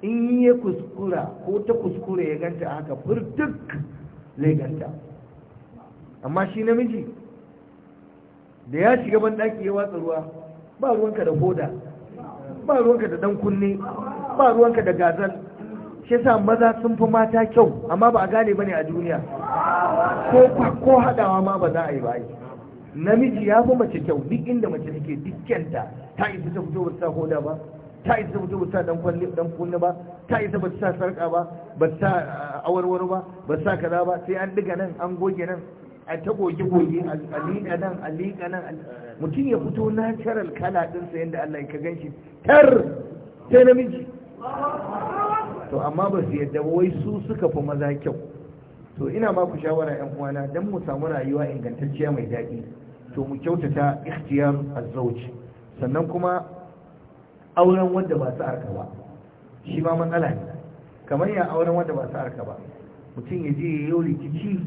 in ya kuskura ko ta kuskura ya ganta a haka duk zai ganta amma shi namiji da ya shiga ban ɗaki ya watsa ruwa ba ruwanka da hoda ba ruwanka da dan kunne ba ruwanka da gazal shi sa maza sun fi mata kyau amma ba a gane ba ne a duniya ko ko hadawa ma ba za a yi ba yi namiji ya fi mace kyau duk inda mace take dukkanta ta isa ta fito wata hoda ba ta isa ta ba wata dan kwalli dan kunni ba ta isa ba ta sarka ba ba ta uh, awarwaro ba ba ta kaza ba sai an diga nan an goge nan a ta goge goge a liƙa nan a liƙa nan mutum ya fito natural kala ɗinsa yadda Allah ka gan shi tar sai namiji to amma ba su yadda ba wai su suka fi maza kyau to ina ba ku shawara 'yan uwana don mu samu rayuwa ingantacciya mai daɗi to mu kyautata ikhtiyar azzauj sannan kuma auren wanda ba su arka ba shi ma matsala ne kamar ya auren wanda ba su arka ba mutum ya je ya yi rikici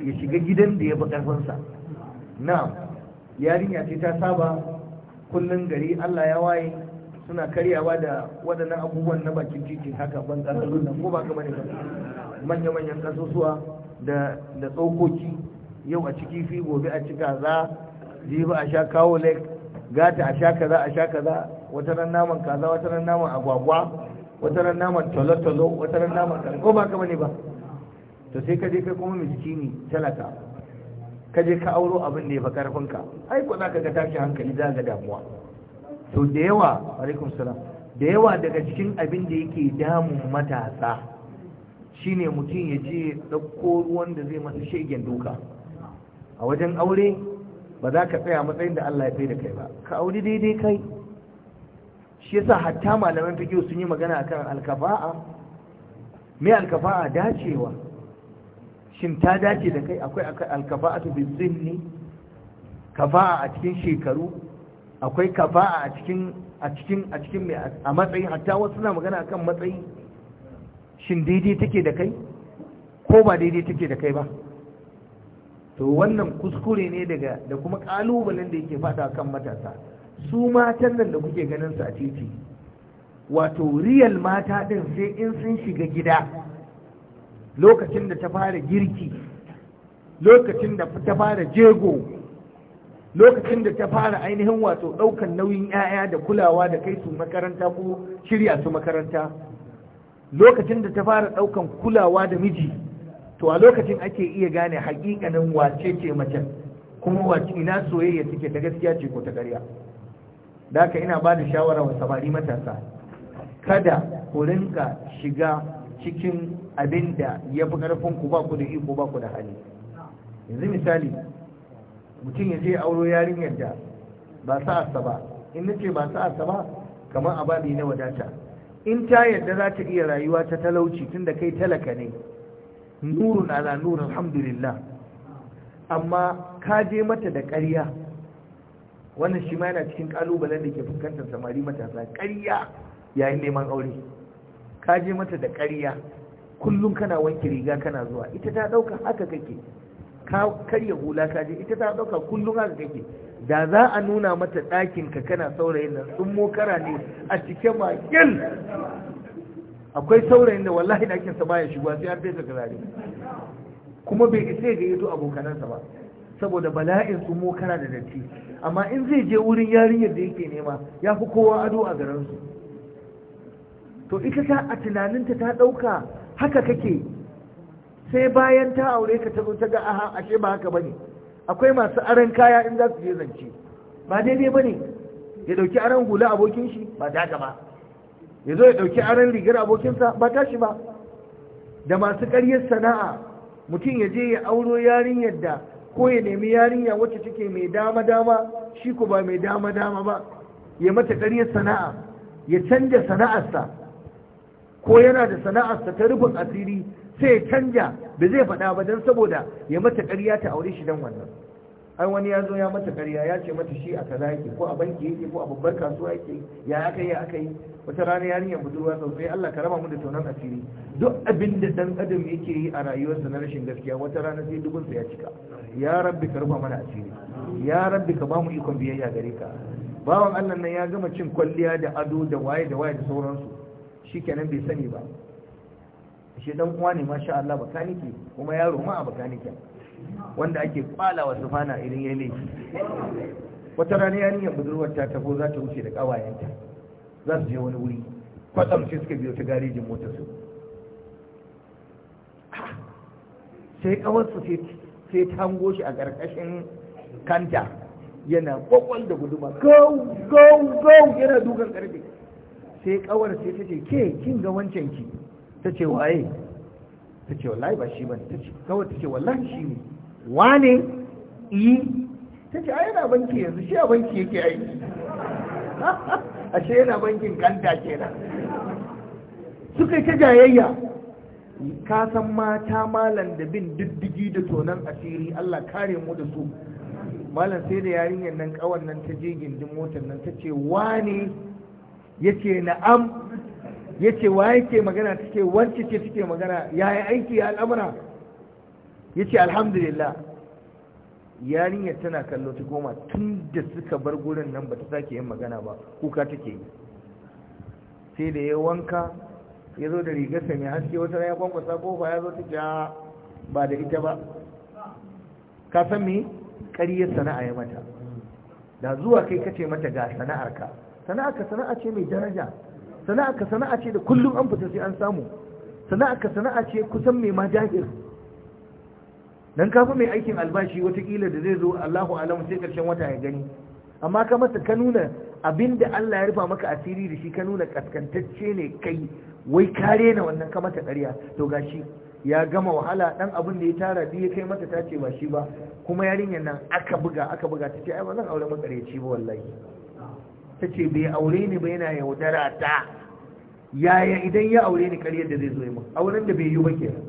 ya shiga gidan da ya fi karfinsa na'am yarinya ce ta saba kullum gari Allah ya waye suna karyawa da waɗannan abubuwan na bakin titi haka ban ƙasarun nan ko ba ka ba. manya-manyan ƙasusuwa da tsokoki yau a ciki fi gobe a ci kaza jibi a sha kawo lake gata a sha kaza a sha kaza wata ran naman kaza wata ran naman agwagwa wata ran naman tolotolo wata ran naman kaza ko ba ka bane ba to sai ka je kai kuma miskini talaka ka je ka auro abin da ya fi ka ai ko za ka ga tashi hankali za ga damuwa to da yawa alaikum salam da yawa daga cikin abin da yake damun matasa shine mutum ya je ɗauko ruwan da zai masa shegen duka a wajen aure ba za ka tsaya matsayin da Allah ya fi da kai ba ka aure daidai kai shi yasa hatta malaman fikiyo sun yi magana akan alkafa'a me alkafa'a dacewa shin ta dace da kai akwai alkafa'atu bi ne? kafa'a a cikin shekaru akwai kafa'a a cikin a cikin a cikin mai a matsayi hatta wasu suna magana akan matsayi shin daidai take da kai ko ba daidai take da kai ba to wannan kuskure ne daga da kuma kalubalen da yake fada kan matasa su matan nan da kuke ganin su a titi wato riyal mata din sai in sun shiga gida lokacin da ta fara girki lokacin da ta fara jego lokacin da ta fara ainihin wato ɗaukan nauyin 'ya'ya da kulawa da kai su makaranta ko shirya su makaranta lokacin da ta fara ɗaukan kulawa da miji to a lokacin ake iya gane hakikanin wace ce mace kuma wace ina soyayya take ta gaskiya ce ko ta ƙarya da haka ina ba da shawara wa samari matasa kada ku rinka shiga cikin abin da ya fi ƙarfin ku ba ku da iko ba ku da hali yanzu misali mutum ya je auro yarinyar da ba asa ba in nace ba asa ba kamar a ababi na wadata in ta yadda za ta iya rayuwa ta talauci tunda kai talaka ne nurun ala nurun alhamdulillah amma ka je mata da ƙarya wannan shi ma yana cikin ƙalubalen da ke fuskantar samari matasa ƙarya yayin neman aure ka je mata da ƙarya kullum kana wanke riga kana zuwa ita ta ɗauka haka kake ka karya hula ka je ita ta ɗauka kullum haka kake da za a nuna mata ɗakin ka kana saurayin nan sun mokara ne a cike makil akwai saurayin da wallahi ɗakin baya shigowa sai an fesa turare kuma bai isa ga yato abokanansa ba saboda bala'in su kana da datti amma in zai je wurin yarinyar da yake nema ya fi kowa ado a garin su to ita ta a tunaninta ta ɗauka haka kake sai bayan ta aure ka tazo ta ga aha ashe ba haka bane akwai masu aran kaya in za su je zance ba daidai bane ya dauki aran hula abokin shi ba da haka ba ya zo ya ɗauki aron rigar abokinsa ba tashi ba da masu ƙaryar sana'a mutum ya je ya auro yarinyar da ko ya nemi yarinya wacce take mai dama-dama shi ku ba mai dama-dama ba ya mata ƙaryar sana'a ya canja sana'arsa ko yana da sana'arsa ta rufin asiri sai ya canja da zai faɗa ba don saboda ya mata ƙarya ta aure shi don wannan ai wani ya zo ya mata ƙarya ya ce mata shi a kaza yake ko a banki yake ko a babbar kasuwa yake ya aka yi aka yi wata rana yarinya budurwa sai Allah ka raba mu da tonon asiri duk abin da dan adam yake yi a rayuwarsa na rashin gaskiya wata rana sai dubun ya cika ya rabbi ka rufa mana asiri ya rabbi ka ba mu ikon biyayya gare ka bawan Allah nan ya gama cin kwalliya da ado da waye da waye da sauransu shikenan bai sani ba shi dan uwa ne masha Allah bakanike kuma yaro ma a bakanike wanda ake kwala wa sufana idan yayi laifi wata rana yarinyar budurwar ta tafi za ta wuce da kawayenta za su je wani wuri kwatsam sai suka biyo ta garejin motar su sai kawarsu sai ta hango shi a ƙarƙashin kanta yana kwakwal da guduma go go go yana dukan ƙarfe sai kawar sai ta ce ke kin ga wancan ki ta ce waye ta ce wallahi ba shi ba ta ce kawar ta ce wallahi shi ne wane yi e. ta ce a yana banki yanzu shi a banki yake aiki ashe yana bankin kanta kenan suka yi ta jayayya ka san mata malam da bin diddigi da tonon asiri Allah kare mu da su malam sai da yarinyar nan kawan nan ta je gindin motar nan ta ce Ya ce, na'am Ya ce, wa yake magana take wance ce take magana Ya yi aiki ya al'amura ce, alhamdulillah yarinyar tana kallo ta koma tun da suka bar gurin nan ba ta sake yin magana ba kuka take yi sai da ya wanka ya zo da rigarsa mai haske wata ya kwankwasa kofa ya zo ta ja ba da ita ba ka san me ƙaryar sana'a ya mata da zuwa kai ka ce mata ga sana'arka ka sana'a ce mai daraja sana'a ka sana'a ce da kullum an fita sai an samu sana'a ka sana'a ce kusan mai majahir dan kafa mai aikin albashi wata watakila da zai zo Allahu alam sai karshen wata ya gani amma ka masa ka nuna abinda Allah ya rufa maka asiri da shi ka nuna kaskantacce ne kai wai kare na wannan ka mata ƙarya to gashi ya gama wahala dan abin da ya tara biyu ya kai mata tace ba shi ba kuma yarinyar nan aka buga aka buga ta ce ai ba zan aure makareci ba wallahi ta bai aure ni ba yana yaudara ta yaya idan ya aure ni ƙaryar da zai zo yi min auren da bai yi ba kenan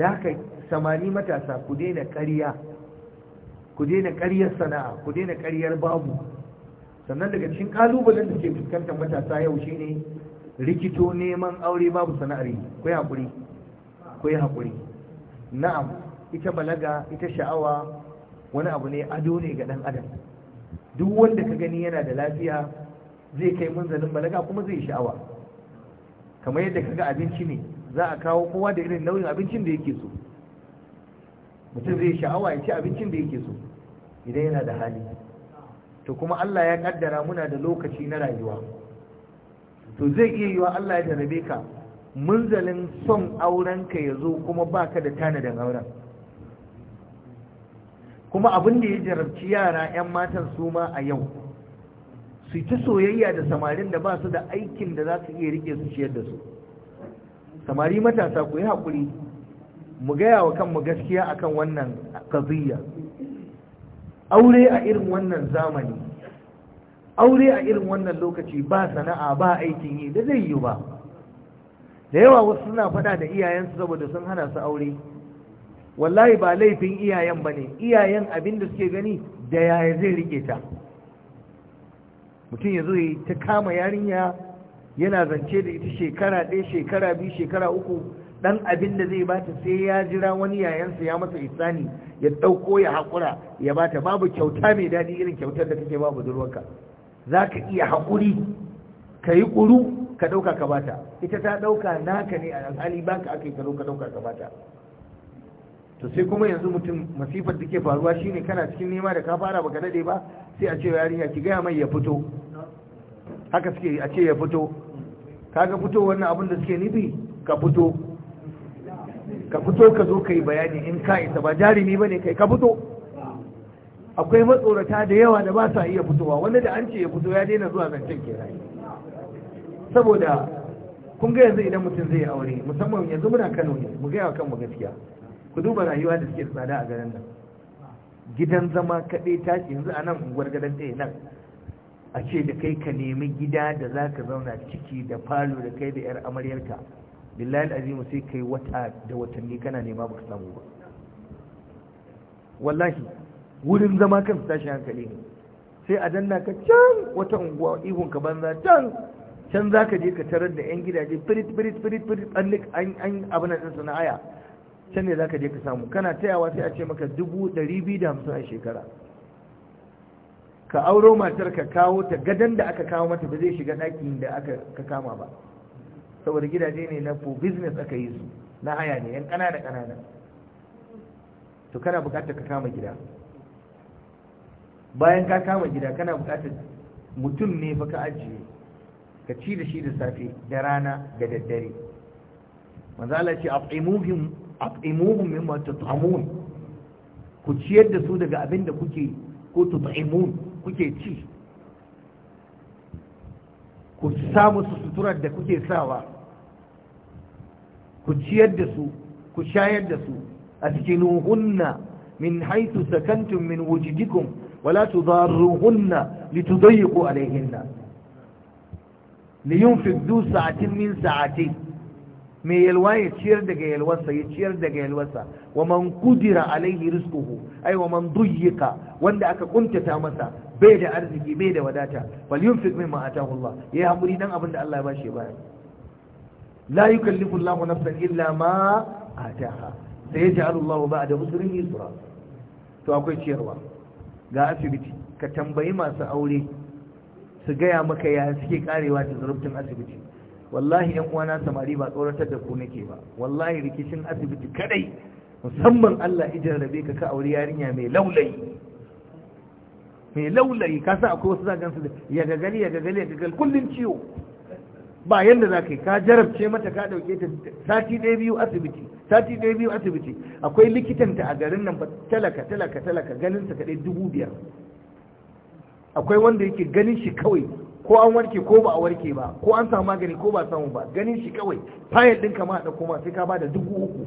da haka samari matasa ku daina ƙarya ku daina ƙaryar sana'a ku daina ƙaryar babu sannan daga cikin ƙalubalen da ke fuskantar matasa yau shi ne rikito neman aure babu sana'ar yi ku yi haƙuri ku yi haƙuri na'am ita balaga ita sha'awa wani abu ne ado ne ga ɗan adam duk wanda ka gani yana da lafiya zai kai munzalin balaga kuma zai sha'awa kamar yadda kaga abinci ne za a kawo kowa da irin nau'in abincin da yake so mutum zai sha'awa ya ci abincin da yake so idan yana da hali to kuma Allah ya kaddara muna da lokaci na rayuwa to zai iya yiwa Allah ya jarabe ka munzalin son aurenka ya zo kuma baka da tanadin auren kuma abin da ya jarabci yara 'yan matan su ma a yau su ta soyayya da samarin da ba su da aikin da za su iya rike su ciyar da su samari matasa ku yi haƙuri mu gaya wa kanmu gaskiya akan wannan qadiyya aure a irin wannan zamani aure a irin wannan lokaci ba sana'a ba aikin yi da zai yi ba da yawa wasu suna fada da iyayensu saboda sun hana su aure wallahi ba laifin iyayen ba ne iyayen abin da suke gani da yaya zai rike ta mutum ya zo ta kama yarinya yana zance da ita shekara ɗaya shekara biyu shekara uku dan abin da zai bata sai ya jira wani yayansa ya masa isani ya dauko ya hakura ya bata babu kyauta mai dadi irin kyautar da kake ba budurwarka zaka iya hakuri kai kuru ka dauka ka bata ita ta dauka naka ne a alhali baka akai ka dauka dauka ka bata to sai kuma yanzu mutum masifar da ke faruwa shine kana cikin nema da ka fara baka dade ba sai a ce yarinya ki gaya mai ya fito haka suke a ce ya fito kaga fito wannan abin da suke nufi ka fito ka fito ka zo ka yi bayani in ka isa ba jarumi ba ne kai ka fito akwai matsorata da yawa da ba sa iya fitowa wanda da an ce ya fito ya daina zuwa zancen ke saboda kun ga yanzu idan mutum zai aure musamman yanzu muna kano ne mu gaya kanmu gaskiya ku duba rayuwa da suke tsada a garin nan gidan zama kaɗai tashi yanzu a nan unguwar gadon ɗaya nan a ce da kai ka nemi gida da za ka zauna ciki da falo da kai da 'yar amaryarka billahi azimu sai kai wata da watanni kana nema baka samu ba wallahi wurin zama kan tashi hankali ne sai a danna ka can wata unguwa ihun ka banza can can za ka je ka tarar da yan gidaje firit firit firit firit an an abin nan sana aya can ne za ka je ka samu kana tayawa sai a ce maka dubu ɗari biyu da hamsin a shekara ka auro matar ka kawo ta gadon da aka kawo mata ba zai shiga ɗakin da aka ka kama ba saboda gidaje ne na for business aka yi su na haya ne yan ƙanana ƙanana to kana buƙatar ka kama gida bayan ka kama gida kana buƙatar mutum ne fa ka ajiye ka ci da shi da safe da rana da daddare manzo Allah ce at'imuhum at'imuhum mimma tut'amun ku ciyar da su daga abin da kuke ko tut'imun kuke ci ku sa musu suturar da kuke sawa ku ciyar da su ku shayar da su a cikin hunna min haitu sakantum min wujidikum wala tudarruhunna litudayyiqu alayhinna liyunfiq du sa'atin min sa'atin. mai yalwa ya ciyar daga yalwarsa ya ciyar daga yalwarsa wa man kudira alaihi rizquhu ai wa man duyyika wanda aka kuntata masa bai da arziki bai da wadata wal yunfiq mimma atahu Allah ya hamuri, dan abin da Allah ya bashi ya la yukallifu Allahu nafsan illa ma ataha sai Allahu ba'da usrin yusra to akwai ciyarwa ga asibiti ka tambayi masu aure su gaya maka ya suke karewa da zarubtun asibiti wallahi yan uwana samari ba tsoratar da ku nake ba wallahi rikicin asibiti kadai musamman Allah ijin rabe ka ka aure yarinya mai laulayi mai laulayi ka sa akwai wasu zagan su ya gagali ya gagali ya gagali kullun ciwo ba yanda za ka yi ka jarabce mata ka dauke ta sati ɗaya biyu asibiti sati ɗaya biyu asibiti akwai likitanta a garin nan talaka talaka talaka ganin sa kaɗai dubu biyar akwai wanda yake ganin shi kawai ko an warke ko ba a warke ba ko an samu magani ko ba samu ba ganin shi kawai fayil ɗinka ma da koma sai ka ba da dubu uku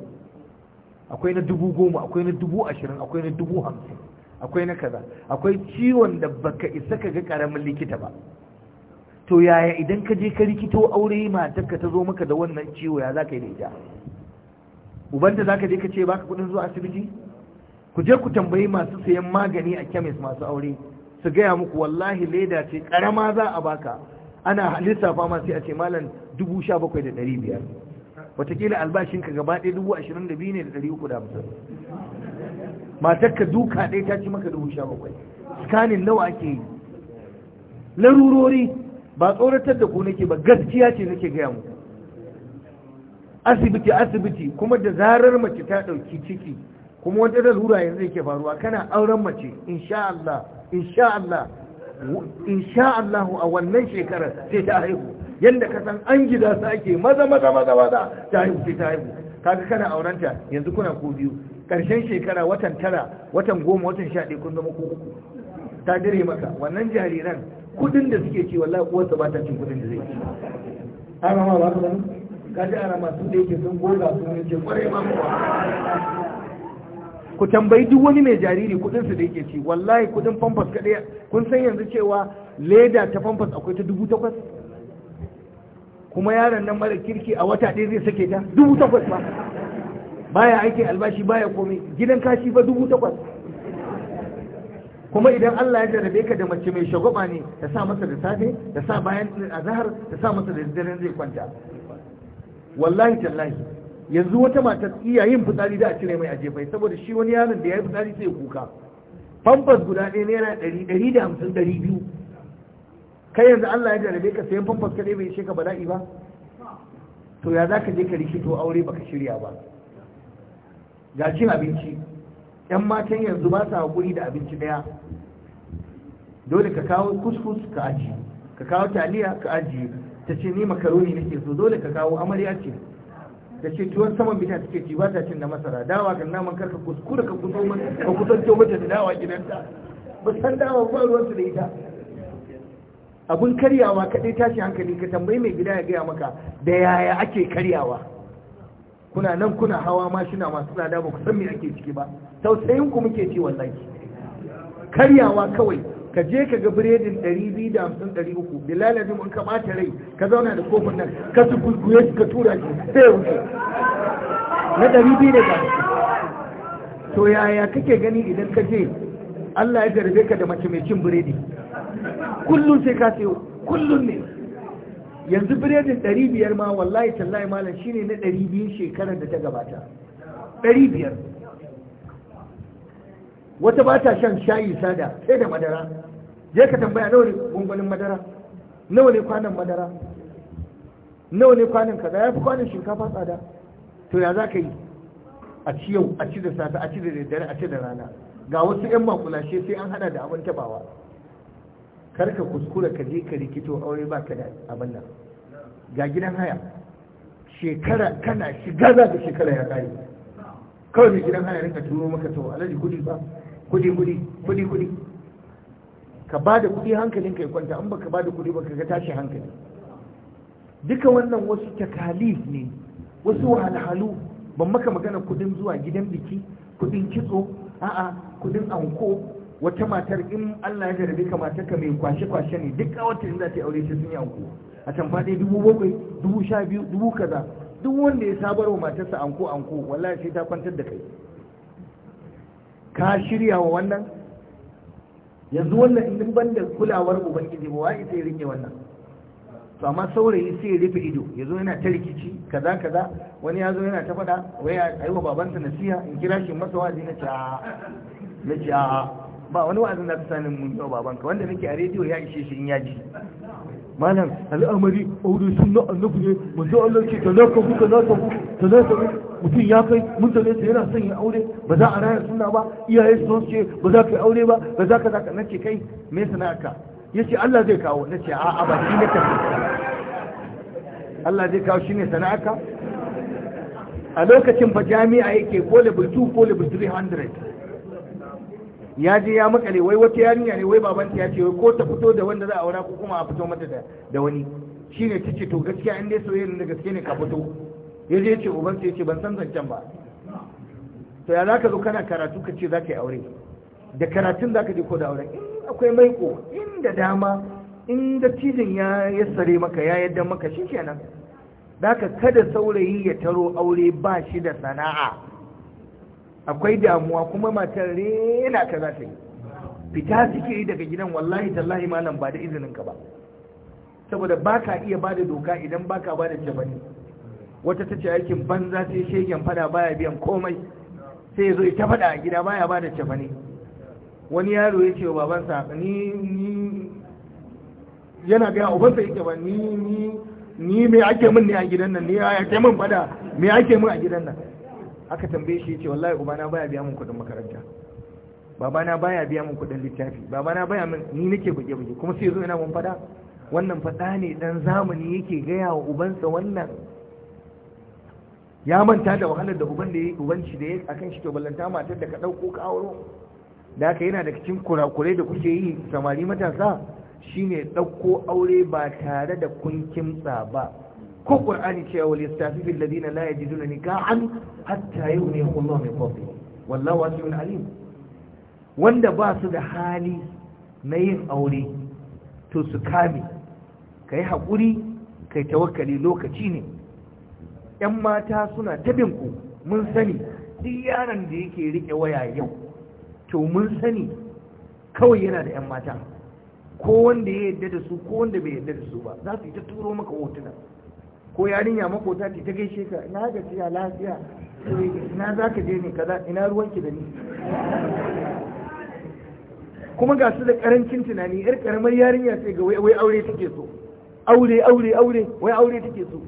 akwai na dubu goma akwai na dubu ashirin akwai na dubu hamsin akwai na kaza akwai ciwon da baka isa ka ga karamin likita ba to yaya idan ka je ka rikito aure ka ta zo maka da wannan ciwo ya za ka yi da ita ubanta za ka je ka ce baka kudin zuwa asibiti ku je ku tambayi masu sayan magani a kemis masu aure su gaya muku wallahi leda ce karama za a baka ana lissafa ma sai a ce malam dubu sha bakwai da ɗari biyar watakila albashinka gaba ɗaya dubu ashirin da biyu ne da 350 uku da hamsin duka ɗaya ta ci maka dubu sha bakwai scanning nawa ake yi larurori ba tsoratar da ku nake ba gaskiya ce nake gaya muku asibiti asibiti kuma da zarar mace ta ɗauki ciki kuma wata lura yanzu yake faruwa kana auren mace insha Allah insha Allah insha Allah a wannan shekara sai ta haihu yanda ka san an gida su maza maza maza maza ta haihu sai ta haihu kaga kana aurenta yanzu kuna ko biyu karshen shekara watan tara watan goma watan sha ɗaya kun zama ko uku ta dire maka wannan jariran kudin da suke ci wallahi kuwa ba ta cin kudin da zai ci ana ma ba ka ga ka ji ana masu da yake sun goga sun ce kwarai ba kuwa ku tambayi duk wani mai jariri kudin su da yake ci wallahi kudin famfas kadai kun san yanzu cewa leda ta famfas akwai ta dubu takwas kuma yaron nan mara kirki a wata ɗaya zai sake ta dubu takwas ba baya aikin albashi baya komai gidan kashi fa dubu takwas kuma idan Allah ya jarabe ka da mace mai shagwaba ne ta sa masa da safe ta sa bayan azhar ta sa masa da daren zai kwanta wallahi tallahi yanzu wata mata iya yin fitsari da a cire mai a jefai saboda shi wani yaron da ya yi fitsari sai kuka famfas guda ɗaya yana ɗari ɗari da hamsin ɗari biyu kai yanzu Allah ya jarabe ka sayan famfas kaɗai bai ishe ka bala'i ba to ya za ka je ka rikito aure baka shirya ba ga cin abinci yan matan yanzu ba sa haƙuri da abinci ɗaya dole ka kawo kuskus ka ajiye ka kawo taliya ka ajiye ta ce ni makaroni nake so dole ka kawo amarya ce da ce tuwon saman bita take ci ba ta cin da masara dawa kan naman karka kuskura ka kuso ka kusanto mata da dawa gidanta ba san dawa ba ruwansu da ita Abin karyawa kaɗai tashi hankali ka tambayi mai gida ya gaya maka da yaya ake karyawa kuna nan kuna hawa mashina masu tsada ba ku san me ake ciki ba tausayin ku muke ci wallahi karyawa kawai ka je ka ga biredin 250-300 bilal ya in ka rai ka zauna da kofin nan ka su kuskuye ka tura shi sai wuce na 250 to yaya kake gani idan ka je Allah ya garbe ka da mace mai cin biredi kullum sai ka sayo kullum ne yanzu biredin 500 ma wallahi tallahi malam shine na 200 shekarar da ta gabata 500 wata ba ta shan shayi sada sai da madara je ka tambaya nawa ne gungunin madara nawa ne kwanan madara nawa ne kwanan kaza ya fi kwanan shinkafa tsada to ya za ka yi a ci yau a ci da safe a ci da daddare a ci da rana ga wasu 'yan makulashe sai an hada da abin tabawa kar ka kuskura ka je ka rikito aure ba ka da abin nan ga gidan haya shekara kana shiga za ka shekara ya kare kawai mai gidan haya rinka turo maka to alaji kudi ba kudi kudi kudi kudi ka ba da kudi hankalin ka ya kwanta an baka ba da kudi baka ga tashi hankali duka wannan wasu takalif ne wasu wahalhalu ban maka magana kudin zuwa gidan biki kudin kitso a'a kudin anko wata matar in Allah ya jarabe ka matar ka mai kwashe kwashe ne duk a wata za ta yi aure sai sun yi anko a can faɗi dubu bakwai dubu sha biyu dubu kaza duk wanda ya sabarwa matarsa anko anko wallahi sai ta kwantar da kai ka shirya wa wannan yanzu wannan in ban da kulawar ubangiji ba wai sai rike wannan to amma saurayi sai rufe ido yanzu yana ta rikici kaza kaza wani ya zo yana ta fada wai ayi wa babansa nasiha in kira shi masa wazi na ce na ce ba wani wa'azin da ka sanin mun yau babanka wanda nake a rediyo ya ishe shi in ya ji malam al'amari aure sunna annabi ne manzo Allah ce talaka ku talaka ku talaka ku mutum ya kai mutane su yana son ya aure ba za a raya sunna ba iyaye su ce ba za ka aure ba ba za ka za ka nace kai me Ya yace Allah zai kawo ce a'a ba shi ne ka Allah zai kawo shine ka? a lokacin ba jami'a yake ko level 2 ko level 300 ya je ya makale wai wata yarinya ne wai babanta ya ce wai ko ta fito da wanda za a aura ko kuma a fito mata da wani shi ne ta ce to gaskiya in dai soyayya da gaske ne ka fito ya je ce uban sai ce ban san zancen ba to ya zaka zo kana karatu ka ce za ka yi aure da karatun za ka je ko da auren in akwai maiko in da dama in da cijin ya yassare maka ya yadda maka shi kenan zaka kada saurayi ya taro aure ba shi da sana'a akwai damuwa kuma matar rena ta za ta yi fita suke yi daga gidan wallahi tallahi malam ba da izinin ka ba saboda ba ka iya ba da doka idan ba ka ba da jabani wata ce aikin banza sai shegen fada baya biyan komai sai ya zo ya fada a gida baya da jabani wani yaro ya ce wa babansa ni ni yana ga ubansa yake ba ni ni ni me ake min ne a gidan nan Ni ya kai min fada me ake min a gidan nan aka tambaye shi yace wallahi ubana baya biya min kudin makaranta babana baya biya min kudin littafi babana baya min ni nake buge buge kuma sai yazo ina mun fada wannan fada ne dan zamani yake gaya wa ubansa wannan ya manta da wahalar da uban da yayi uban shi da yake akan shi to ballanta matar da ka dauko ka auro da ka yana da cikin kurakurai da kuke yi samari matasa shine dauko aure ba tare da kun kimtsa ba ko qur'ani cewa wal yastafi bil ladina la yajiduna nikahan hatta yughnihum Allah min fadli wallahu wasi'un alim wanda ba su da hali na yin aure to su kame kai hakuri kai tawakkali lokaci ne yan mata suna tabin ku mun sani duk yaron da yake rike waya yau to mun sani kawai yana da yan mata ko wanda ya yarda da su ko wanda bai yarda da su ba za su yi ta turo maka hotuna ko yarinya makota ce ta gaishe ka na ciya lafiya ina za ka je ne kaza ina ruwanki da ni kuma ga su da karancin tunani yar karamar yarinya sai ga wai aure take so aure aure aure wai aure take so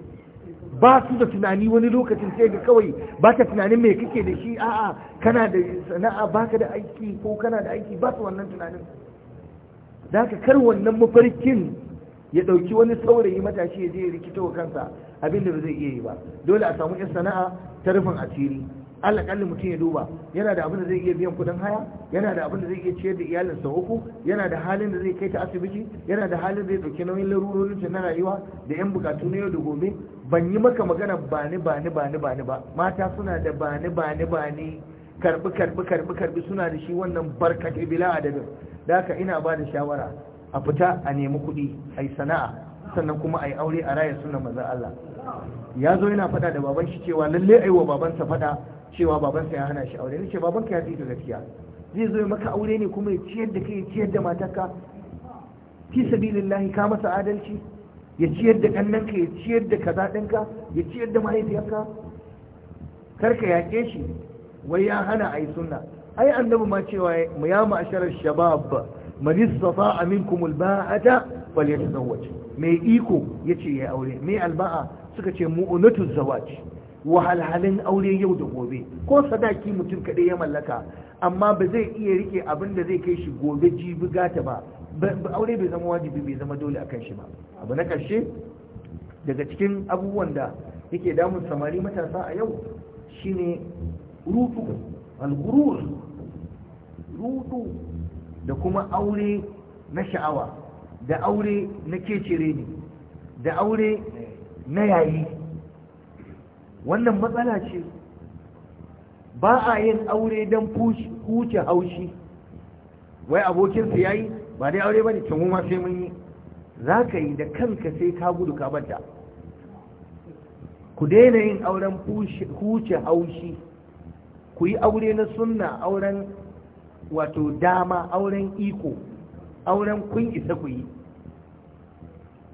ba su da tunani wani lokacin sai ga kawai ba ka tunanin me kake da shi a'a kana da sana'a baka da aiki ko kana da aiki ba su wannan tunanin da ka kar wannan mafarkin ya ɗauki wani saurayi matashi ya je ya rikito kansa abinda ba zai iya yi ba dole a samu 'yan sana'a ta rufin asiri alakalli mutum ya duba yana da abin da zai iya biyan kudin haya yana da abin da zai iya ciyar da iyalinsa uku yana da halin da zai kai ta asibiti yana da halin da zai dauki nauyin larurorin ta na rayuwa da yan bukatu na yau da gobe ban yi maka magana bani bani bani bani ba mata suna da bani bani bani karbi karbi karbi karbi suna da shi wannan barkatai bila adadin da haka ina ba da shawara a fita a nemi kuɗi a yi sana'a sannan kuma a yi aure a raya suna maza Allah ya zo yana faɗa da baban shi cewa lalle ai wa babansa faɗa cewa babansa ya hana shi aure ne ce babanka ya fi ka gaskiya zai zo maka aure ne kuma ya ciyar da kai ya ciyar da matarka fi sabilillahi ka masa adalci ya ciyar da ɗannanka ya ciyar da kaza ɗinka ya ciyar da mahaifiyarka karka yaƙe shi wai ya hana a yi sunna ai annabi ma cewa ya ma'asharar shabab man istata'a minkum alba'ata falyatazawwaj mai iko yace ya aure mai alba'a suka ce mu'unatu zawaj wahalhalin aure yau da gobe ko sadaki mutum kaɗai ya mallaka amma ba zai iya rike abinda zai kai shi gobe jibi gata ba aure bai zama wajibi bai zama dole akan shi ba abu na ƙarshe daga cikin abubuwan da yake damun samari matasa a yau shine rudu al rudu da kuma aure na sha'awa da aure na kecere ne da aure na yayi wannan matsala ce ba a yin aure don huce haushi wai abokinsa ya yi ba dai aure ba ne can ma sai mun yi za ka yi da kanka sai ka gudu ka bata ku daina yin auren huce haushi ku yi aure na sunna auren wato dama auren iko auren kun isa ku yi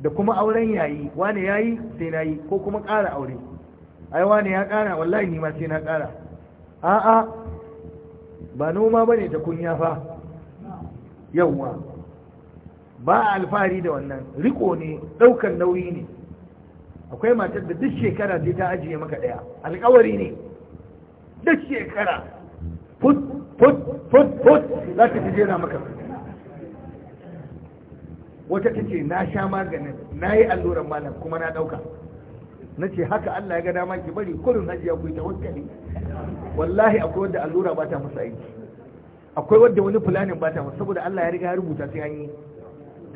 da kuma auren yayi wane yayi sai na yi ko kuma ƙara aure ai wane ya ƙara wallahi ni ma sai na ƙara a'a ba noma bane ta kunya fa yawwa ba alfahari da wannan riko ne ɗaukar nauyi ne akwai matar da duk shekara sai ta ajiye maka ɗaya alƙawari ne duk shekara fut fut fut za ta fi jera maka wata ta ce na sha maganin na yi alluran malam kuma na dauka na ce haka Allah ya ga dama ki bari kullum hajiya ku yi tawakkali wallahi akwai wanda allura ba ta musu aiki akwai wanda wani fulanin ba ta musu saboda Allah ya riga ya rubuta sai an yi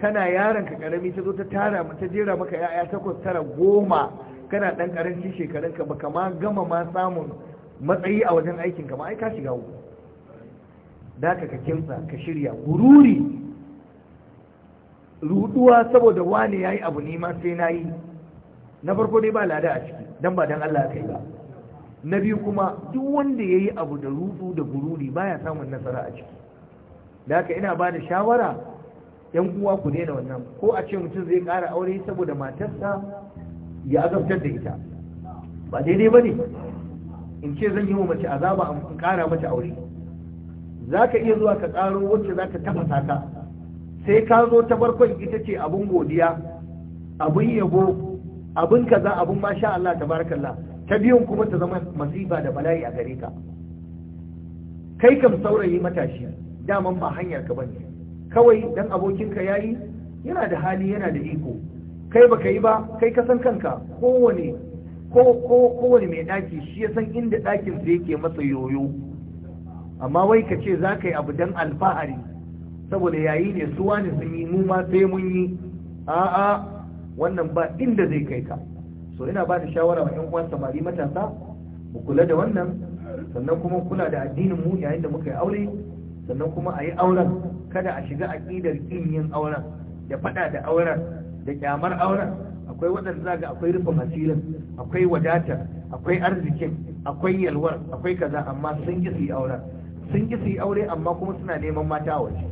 kana yaron ka karami ta zo ta tara ta jera maka ya'ya takwas tara goma kana dan karanci shekarun ka baka ma gama ma samun matsayi a wajen aikin ka ma ai ka shiga uku da ka ka kimsa ka shirya gururi ruduwa saboda wane yayi abu ne ma sai nayi na farko dai ba lada a ciki dan ba dan Allah kai ba na biyu kuma duk wanda yayi abu da rudu da gururi baya samun nasara a ciki da ina ba da shawara yan uwa ku daina wannan ko a ce mutum zai ƙara aure saboda matarsa ya azabtar da ita ba daidai ba ne in ce zan yi wa mace azaba in ƙara mata aure za ka iya zuwa ka tsaro wacce za ka tafasa ka sai ka zo ta farkon ita ce abin godiya abin yabo abin kaza abin masha Allah tabarakallah ta biyun kuma ta zama masifa da bala'i a gare ka kai kam saurayi matashi daman ba hanyar ka bane kawai dan abokinka yayi yana da hali yana da iko kai baka yi ba kai ka san kanka kowane ko ko kowane mai daki shi ya san inda dakin sa yake masa yoyo amma wai ka ce za ka yi abu don alfahari saboda yayi ne su wani sun yi mu ma sai mun yi a'a wannan ba inda zai kai ka so ina ba da shawara wa ƴan uwan samari matasa mu kula da wannan sannan kuma kula da addinin mu yayin da muka yi aure sannan kuma a yi auren kada a shiga aƙidar kin yin auren da faɗa da auren da kyamar auren akwai waɗanda za ga akwai rufin asirin akwai wadatar akwai arzikin akwai yalwar akwai kaza amma sun yi su yi auren sun ki su yi aure amma kuma suna neman mata waje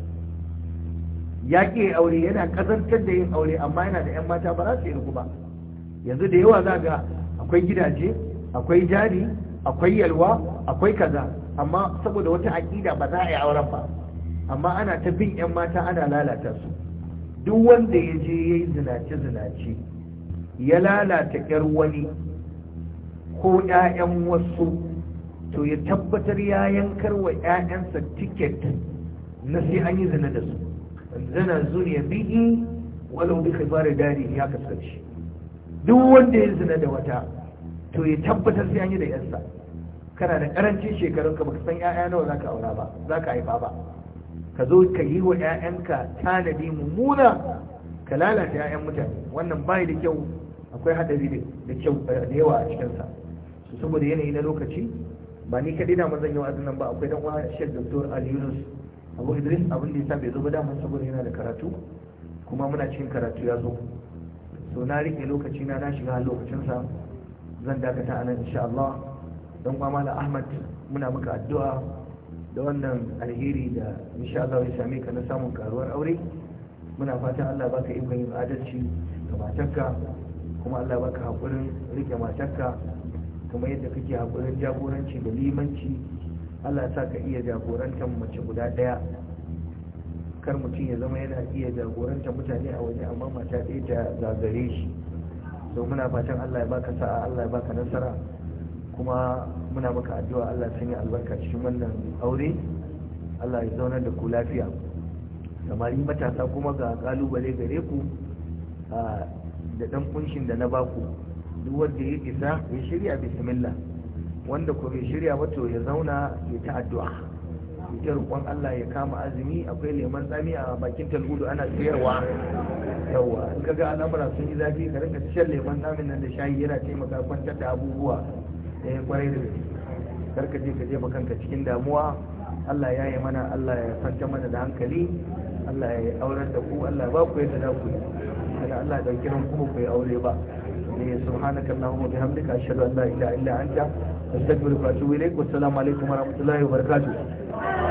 ya ke aure yana kazantar da yin aure amma yana da 'yan mata ba za su yi ba yanzu da yawa za ga akwai gidaje akwai jari akwai yalwa akwai kaza amma saboda wata aƙida ba za a yi auren ba amma ana ta bin 'yan mata ana lalata su duk wanda ya je ya yi zinace-zinace ya lalata 'yar wani ko 'ya'yan wasu to ya tabbatar ya yankar wa 'ya'yansa tiket na sai an yi zina da su zana zuriya bihi walau bi khibari dari ya kasance duk wanda ya zina da wata to ya tabbatar sai an yi da yansa kana da karancin shekarun ka baka san 'ya'ya nawa zaka aura ba zaka haifa ba ka zo ka yi wa 'ya'yanka tanadi mummuna ka lalata 'ya'yan mutane wannan bai da kyau akwai haɗari da kyau da yawa a cikinsa saboda yanayi na lokaci ba ni kaɗai na mazan yau azunan ba akwai dan uwa shek doktor al yunus abu idris abin da yasa bai zo ba saboda yana da karatu kuma muna cikin karatu ya zo so na rike lokaci na na shiga lokacin sa zan dakata anan insha Allah dan uwa mala ahmad muna maka addu'a da wannan alheri da insha Allah ya same ka na samun karuwar aure muna fatan Allah baka ikon yin adalci ga matarka kuma Allah baka hakurin rike matarka kamar yadda kake haƙurin jagoranci da limanci Allah sa ka iya jagorantar mace guda ɗaya kar mutum ya zama yana iya jagorantar mutane a waje amma mata ɗaya ta zagare shi don muna fatan Allah ya baka sa'a Allah ya baka nasara kuma muna maka addu'a Allah ya sanya albarka cikin wannan aure Allah ya zauna da ku lafiya samari matasa kuma ga kalubale gare ku ah, da dan kunshin da na baku duk wanda ya isa ya shirya bismillah wanda ko bai shirya ba to ya zauna ya ta addu'a ya roƙon Allah ya kama azumi akwai leman tsami a bakin talgudu ana siyarwa yawa in kaga al'amura sun yi zafi ka rinka shan leman tsamin nan da shayi yana taimaka kwantar da abubuwa eh kwarai da gaske karka je ka je kanka cikin damuwa Allah ya yi mana Allah ya kwanta mana da hankali Allah ya aurar da ku Allah ba ku yadda za ku yi kada Allah ya ɗauki ran kuma ku yi aure ba ne subhanak allahumma wa bihamdika ashhadu an la ilaha illa anta astaghfiruka rahmatullahi wa barakatuh